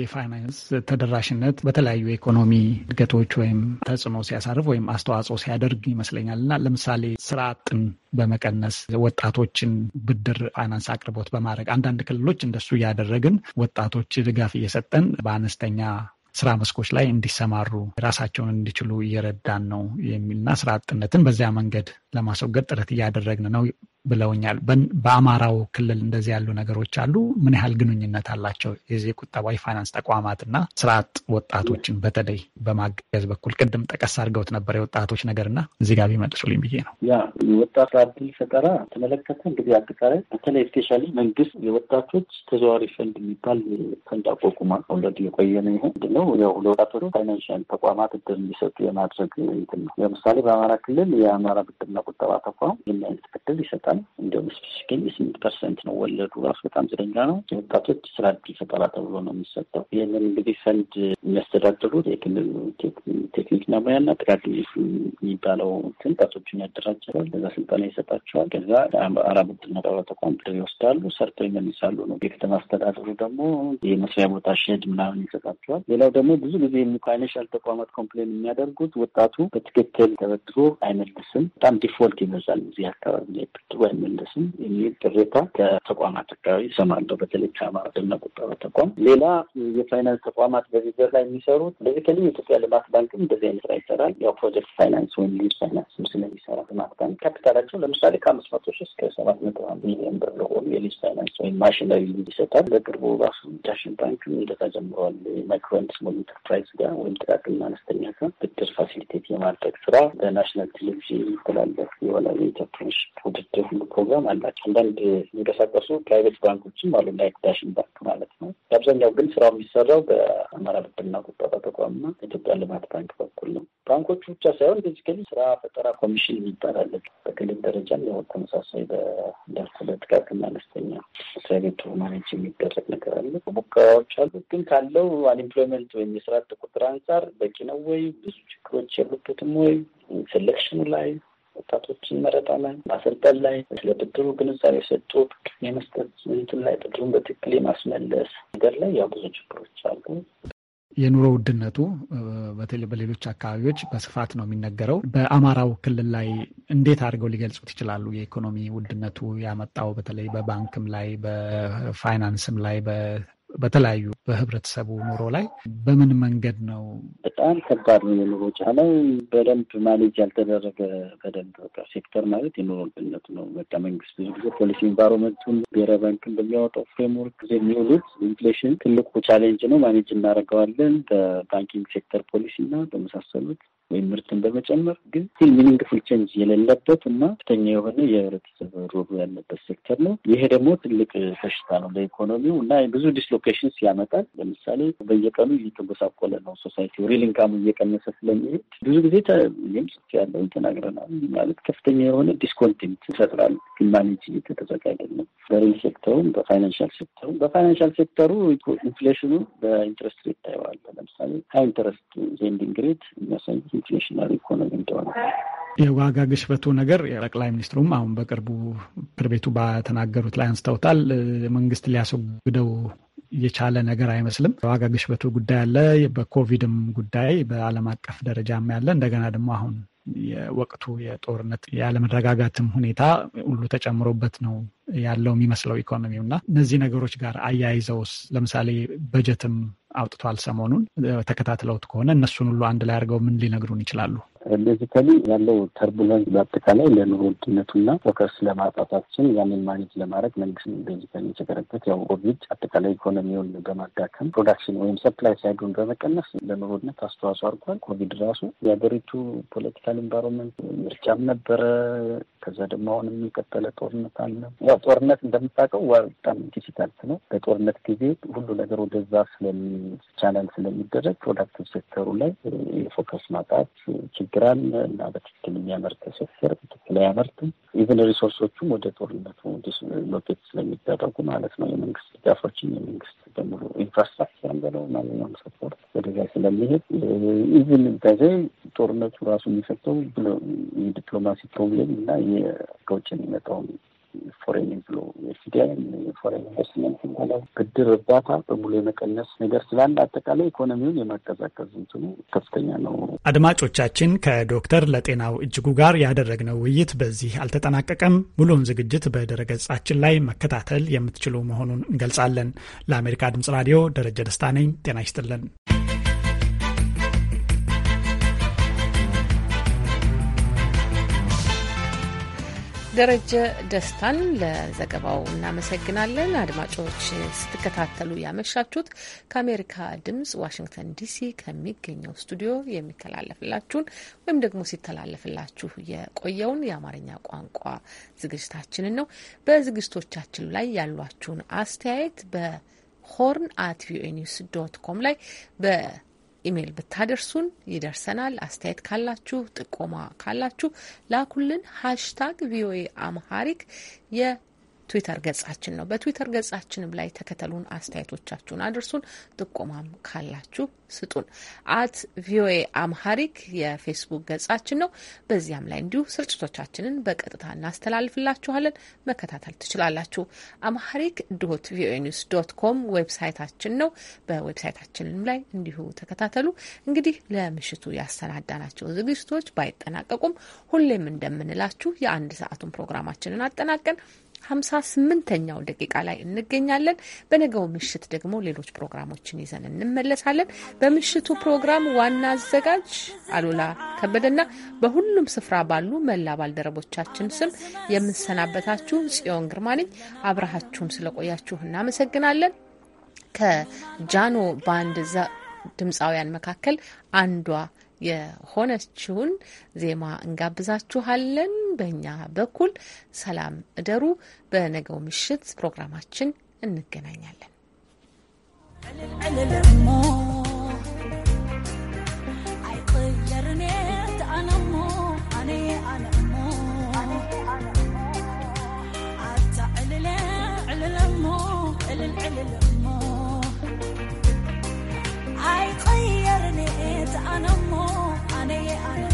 የፋይናንስ ተደራሽነት በተለያዩ የኢኮኖሚ እድገቶች ወይም ተጽዕኖ ሲያሳርፍ ወይም አስተዋጽኦ ሲያደርግ ይመስለኛል እና ለምሳሌ ስራ አጥን በመቀነስ ወጣቶችን ብድር ፋይናንስ አቅርቦት በማድረግ አንዳንድ ክልሎች እንደሱ እያደረግን ወጣቶች ድጋፍ እየሰጠን በአነስተኛ ስራ መስኮች ላይ እንዲሰማሩ ራሳቸውን እንዲችሉ እየረዳን ነው የሚልና ስራ አጥነትን በዚያ መንገድ ለማስወገድ ጥረት እያደረግን ነው ብለውኛል። በአማራው ክልል እንደዚህ ያሉ ነገሮች አሉ። ምን ያህል ግንኙነት አላቸው? የዚህ ቁጠባ የፋይናንስ ተቋማትና ስራ አጥ ወጣቶችን በተለይ በማገዝ በኩል ቅድም ጠቀስ አድርገውት ነበር የወጣቶች ነገርና እዚህ ጋር ቢመልሱልኝ ብዬ ነው። ያ ወጣት ስራ ዕድል ፈጠራ ተመለከተ እንግዲህ አጠቃላይ በተለይ ስፔሻሊ መንግስት የወጣቶች ተዘዋዋሪ ፈንድ የሚባል ፈንድ አቋቁሟል። ኦልሬዲ የቆየ ነው ይሆን የሚገኘው ያው ለወጣቶች ፋይናንሽል ተቋማት ብድር እንዲሰጡ የማድረግ እንትን ነው። ለምሳሌ በአማራ ክልል የአማራ ብድርና ቁጠባ ተቋም ይህን አይነት ብድር ይሰጣል። እንዲሁም ስፔሲፊካሊ የስምንት ፐርሰንት ነው ወለዱ ራሱ በጣም ዝቅተኛ ነው። ወጣቶች ስራ እድል ፈጠራ ተብሎ ነው የሚሰጠው። ይህንን እንግዲህ ፈንድ የሚያስተዳድሩት የክልል ቴክኒክና ሙያና ጥቃቅን የሚባለው እንትን ወጣቶችን ያደራጃል። ከዛ ስልጠና ይሰጣቸዋል። ከዛ አማራ ብድርና ቁጠባ ተቋም ብድር ይወስዳሉ፣ ሰርተው ይመልሳሉ ነው። የከተማ አስተዳደሩ ደግሞ የመስሪያ ቦታ ሸድ ምናምን ይሰጣቸዋል። ሌላው ሌላው ደግሞ ብዙ ጊዜ ፋይናንሻል ተቋማት ኮምፕሌን የሚያደርጉት ወጣቱ በትክክል ተበድሮ አይመልስም፣ በጣም ዲፎልት ይበዛል እዚህ አካባቢ ላይ ብድሮ አይመልስም የሚል ቅሬታ ከተቋማት አካባቢ ይሰማለሁ። በተለይ ከአማራ ብድርና ቁጠባ ተቋም ሌላ የፋይናንስ ተቋማት በዚህ ላይ የሚሰሩት በዚህ የኢትዮጵያ ልማት ባንክም እንደዚህ አይነት ስራ ይሰራል። ያው ፕሮጀክት ፋይናንስ ወይም ሊዝ ፋይናንስ ስለሚሰራ ልማት ባንክ ካፒታላቸው ለምሳሌ ከአምስት መቶ ሺህ እስከ ሰባት መቶ ሚሊዮን ብር ለሆኑ የሊዝ ፋይናንስ ወይም ማሽነሪ ሊዝ ይሰጣል። በቅርቡ ራሱ ዳሽን ባንክ እንደዛ ጀምረዋል። ማይክሮንስ ስሞል ኢንተርፕራይዝ ጋር ወይም ጥቃቅንና አነስተኛ ጋር ብድር ፋሲሊቴት የማድረግ ስራ በናሽናል ቴሌቪዥን የሚተላለፍ የሆነ የኢንተርፕርነርሺፕ ውድድር ሁሉ ፕሮግራም አላቸው። አንዳንድ የሚንቀሳቀሱ ፕራይቬት ባንኮችም አሉ፣ ላይክ ዳሽን ባንክ ማለት ነው። አብዛኛው ግን ስራው የሚሰራው በአማራ ብድርና ቁጠባ ተቋምና ኢትዮጵያ ልማት ባንክ በኩል ነው። ባንኮቹ ብቻ ሳይሆን ቤዚካሊ ስራ ፈጠራ ኮሚሽን የሚባል በክልል ደረጃም ያው ተመሳሳይ በጥቃቅንና አነስተኛ ስራ ቤቱ ማኔጅ የሚደረግ ነገር አለ። ሙከራዎች አሉ። ግን ካለው አንኤምፕሎይመንት ወይም የስራ አጥ ቁጥር አንጻር በቂ ነው ወይ? ብዙ ችግሮች የሉበትም ወይ? ሴሌክሽኑ ላይ ወጣቶችን መረጣ ላይ ማሰልጠን ላይ ስለ ብድሩ ግንዛቤ ሰጡ የመስጠት እንትን ላይ ብድሩን በትክክል የማስመለስ ነገር ላይ ያው ብዙ ችግሮች አሉ። የኑሮ ውድነቱ በተለይ በሌሎች አካባቢዎች በስፋት ነው የሚነገረው። በአማራው ክልል ላይ እንዴት አድርገው ሊገልጹት ይችላሉ? የኢኮኖሚ ውድነቱ ያመጣው በተለይ በባንክም ላይ በፋይናንስም ላይ በተለያዩ በህብረተሰቡ ኑሮ ላይ በምን መንገድ ነው? በጣም ከባድ ነው። የኑሮ ጫና በደንብ ማኔጅ ያልተደረገ በደንብ በቃ ሴክተር ማለት የኑሮ ውድነት ነው። በቃ መንግስት ብዙ ጊዜ ፖሊሲ ኢንቫይሮመንቱን ብሔራዊ ባንክን በሚያወጣው ፍሬምወርክ ጊዜ የሚውሉት ኢንፍሌሽን ትልቁ ቻሌንጅ ነው። ማኔጅ እናደርገዋለን በባንኪንግ ሴክተር ፖሊሲ እና በመሳሰሉት ወይም ምርትን በመጨመር ግን ስል ሚኒንግፉል ቼንጅ የሌለበት እና ከፍተኛ የሆነ የህብረተሰብ ሮሮ ያለበት ሴክተር ነው። ይሄ ደግሞ ትልቅ በሽታ ነው ለኢኮኖሚው እና ብዙ ዲስሎኬሽንስ ያመጣል። ለምሳሌ በየቀኑ እየተጎሳቆለ ነው ሶሳይቲው ሪል ኢንካሙ እየቀነሰ ስለሚሄድ ብዙ ጊዜ ም ጽፍ ያለው ተናግረናል። ማለት ከፍተኛ የሆነ ዲስኮንቲንት ይፈጥራል። ማኔጅ እየተደረገ አይደለም። በሪል ሴክተሩም በፋይናንሻል ሴክተሩ በፋይናንሻል ሴክተሩ ኢንፍሌሽኑ በኢንትረስት ሬት ታየዋለ። ለምሳሌ ሀይ ኢንትረስት ሌንዲንግ ሬት የሚያሳይ ኢንፍሌሽናሪ ኢኮኖሚ እንደሆነ የዋጋ ግሽበቱ ነገር ጠቅላይ ሚኒስትሩም አሁን በቅርቡ ምክር ቤቱ በተናገሩት ላይ አንስተውታል። መንግስት ሊያስወግደው የቻለ ነገር አይመስልም። የዋጋ ግሽበቱ ጉዳይ አለ። በኮቪድም ጉዳይ በዓለም አቀፍ ደረጃም ያለ እንደገና ደግሞ አሁን የወቅቱ የጦርነት ያለመረጋጋትም ሁኔታ ሁሉ ተጨምሮበት ነው ያለው የሚመስለው ኢኮኖሚው እና እነዚህ ነገሮች ጋር አያይዘውስ ለምሳሌ በጀትም አውጥቷል ሰሞኑን ተከታትለውት ከሆነ እነሱን ሁሉ አንድ ላይ አድርገው ምን ሊነግሩን ይችላሉ? ቤዚካሊ ያለው ተርቡለንስ በአጠቃላይ ለኑሮ ውድነቱና ፎከስ ለማጣታችን ያንን ማኔጅ ለማድረግ መንግስት ቤዚካሊ የተገረበት ያው ኮቪድ አጠቃላይ ኢኮኖሚውን በማዳከም ፕሮዳክሽን ወይም ሰፕላይ ሳይዱን በመቀነስ ለኑሮ ውድነት አስተዋጽኦ አድርጓል። ኮቪድ ራሱ የሀገሪቱ ፖለቲካል ኢንቫይሮንመንት ምርጫም ነበረ። ከዛ ደግሞ አሁን የሚቀጠለ ጦርነት አለ። ያው ጦርነት እንደምታውቀው በጣም ዲፊካልት ነው። በጦርነት ጊዜ ሁሉ ነገር ወደዛ ስለሚቻላል ስለሚደረግ ፕሮዳክቲቭ ሴክተሩ ላይ የፎከስ ማጣት ይቸግራል እና በትክክል የሚያመርት ስፍር በትክክል አያመርትም። ኢቨን ሪሶርሶቹም ወደ ጦርነቱ ሎኬት ስለሚደረጉ ማለት ነው የመንግስት ድጋፎችን የመንግስት በሙሉ ኢንፍራስትራክቸር በለው ማንኛውም ሰፖርት ወደዛ ስለሚሄድ ኢቨን በዚ ጦርነቱ ራሱ የሚፈተው የዲፕሎማሲ ፕሮብሌም እና ከውጭ የሚመጣውን ፎሬን ኢንፍሎ ኤፍዲአይ የፎሬን ኢንቨስትመንት በላይ ብድር እርዳታ በሙሉ የመቀነስ ነገር ስላለ አጠቃላይ ኢኮኖሚውን የማቀዛቀዝ እንትኑ ከፍተኛ ነው። አድማጮቻችን ከዶክተር ለጤናው እጅጉ ጋር ያደረግነው ውይይት በዚህ አልተጠናቀቀም። ሙሉውን ዝግጅት በድረገጻችን ላይ መከታተል የምትችሉ መሆኑን እንገልጻለን። ለአሜሪካ ድምጽ ራዲዮ ደረጀ ደስታ ነኝ። ጤና ይስጥልን። ደረጀ ደስታን ለዘገባው እናመሰግናለን። አድማጮች ስትከታተሉ ያመሻችሁት ከአሜሪካ ድምጽ ዋሽንግተን ዲሲ ከሚገኘው ስቱዲዮ የሚተላለፍላችሁን ወይም ደግሞ ሲተላለፍላችሁ የቆየውን የአማርኛ ቋንቋ ዝግጅታችንን ነው። በዝግጅቶቻችን ላይ ያሏችሁን አስተያየት በሆርን አት ቪኦኤ ኒውስ ዶት ኮም ላይ በ ኢሜይል ብታደርሱን ይደርሰናል። አስተያየት ካላችሁ፣ ጥቆማ ካላችሁ ላኩልን። ሃሽታግ ቪኦኤ አምሃሪክ ትዊተር ገጻችን ነው። በትዊተር ገጻችንም ላይ ተከተሉን፣ አስተያየቶቻችሁን አድርሱን፣ ጥቆማም ካላችሁ ስጡን። አት ቪኦኤ አምሃሪክ የፌስቡክ ገጻችን ነው። በዚያም ላይ እንዲሁ ስርጭቶቻችንን በቀጥታ እናስተላልፍላችኋለን። መከታተል ትችላላችሁ። አምሃሪክ ዶት ቪኦኤ ኒውስ ዶት ኮም ዌብሳይታችን ነው። በዌብሳይታችንም ላይ እንዲሁ ተከታተሉ። እንግዲህ ለምሽቱ ያሰናዳናቸው ዝግጅቶች ባይጠናቀቁም ሁሌም እንደምንላችሁ የአንድ ሰዓቱን ፕሮግራማችንን አጠናቀን ሀምሳ ስምንተኛው ደቂቃ ላይ እንገኛለን። በነገው ምሽት ደግሞ ሌሎች ፕሮግራሞችን ይዘን እንመለሳለን። በምሽቱ ፕሮግራም ዋና አዘጋጅ አሉላ ከበደና በሁሉም ስፍራ ባሉ መላ ባልደረቦቻችን ስም የምንሰናበታችሁ ጽዮን ግርማ ነኝ። አብረሃችሁን ስለቆያችሁ እናመሰግናለን። ከጃኖ ባንድ ድምፃውያን መካከል አንዷ የሆነችውን ዜማ እንጋብዛችኋለን። በእኛ በኩል ሰላም እደሩ። በነገው ምሽት ፕሮግራማችን እንገናኛለን። I ane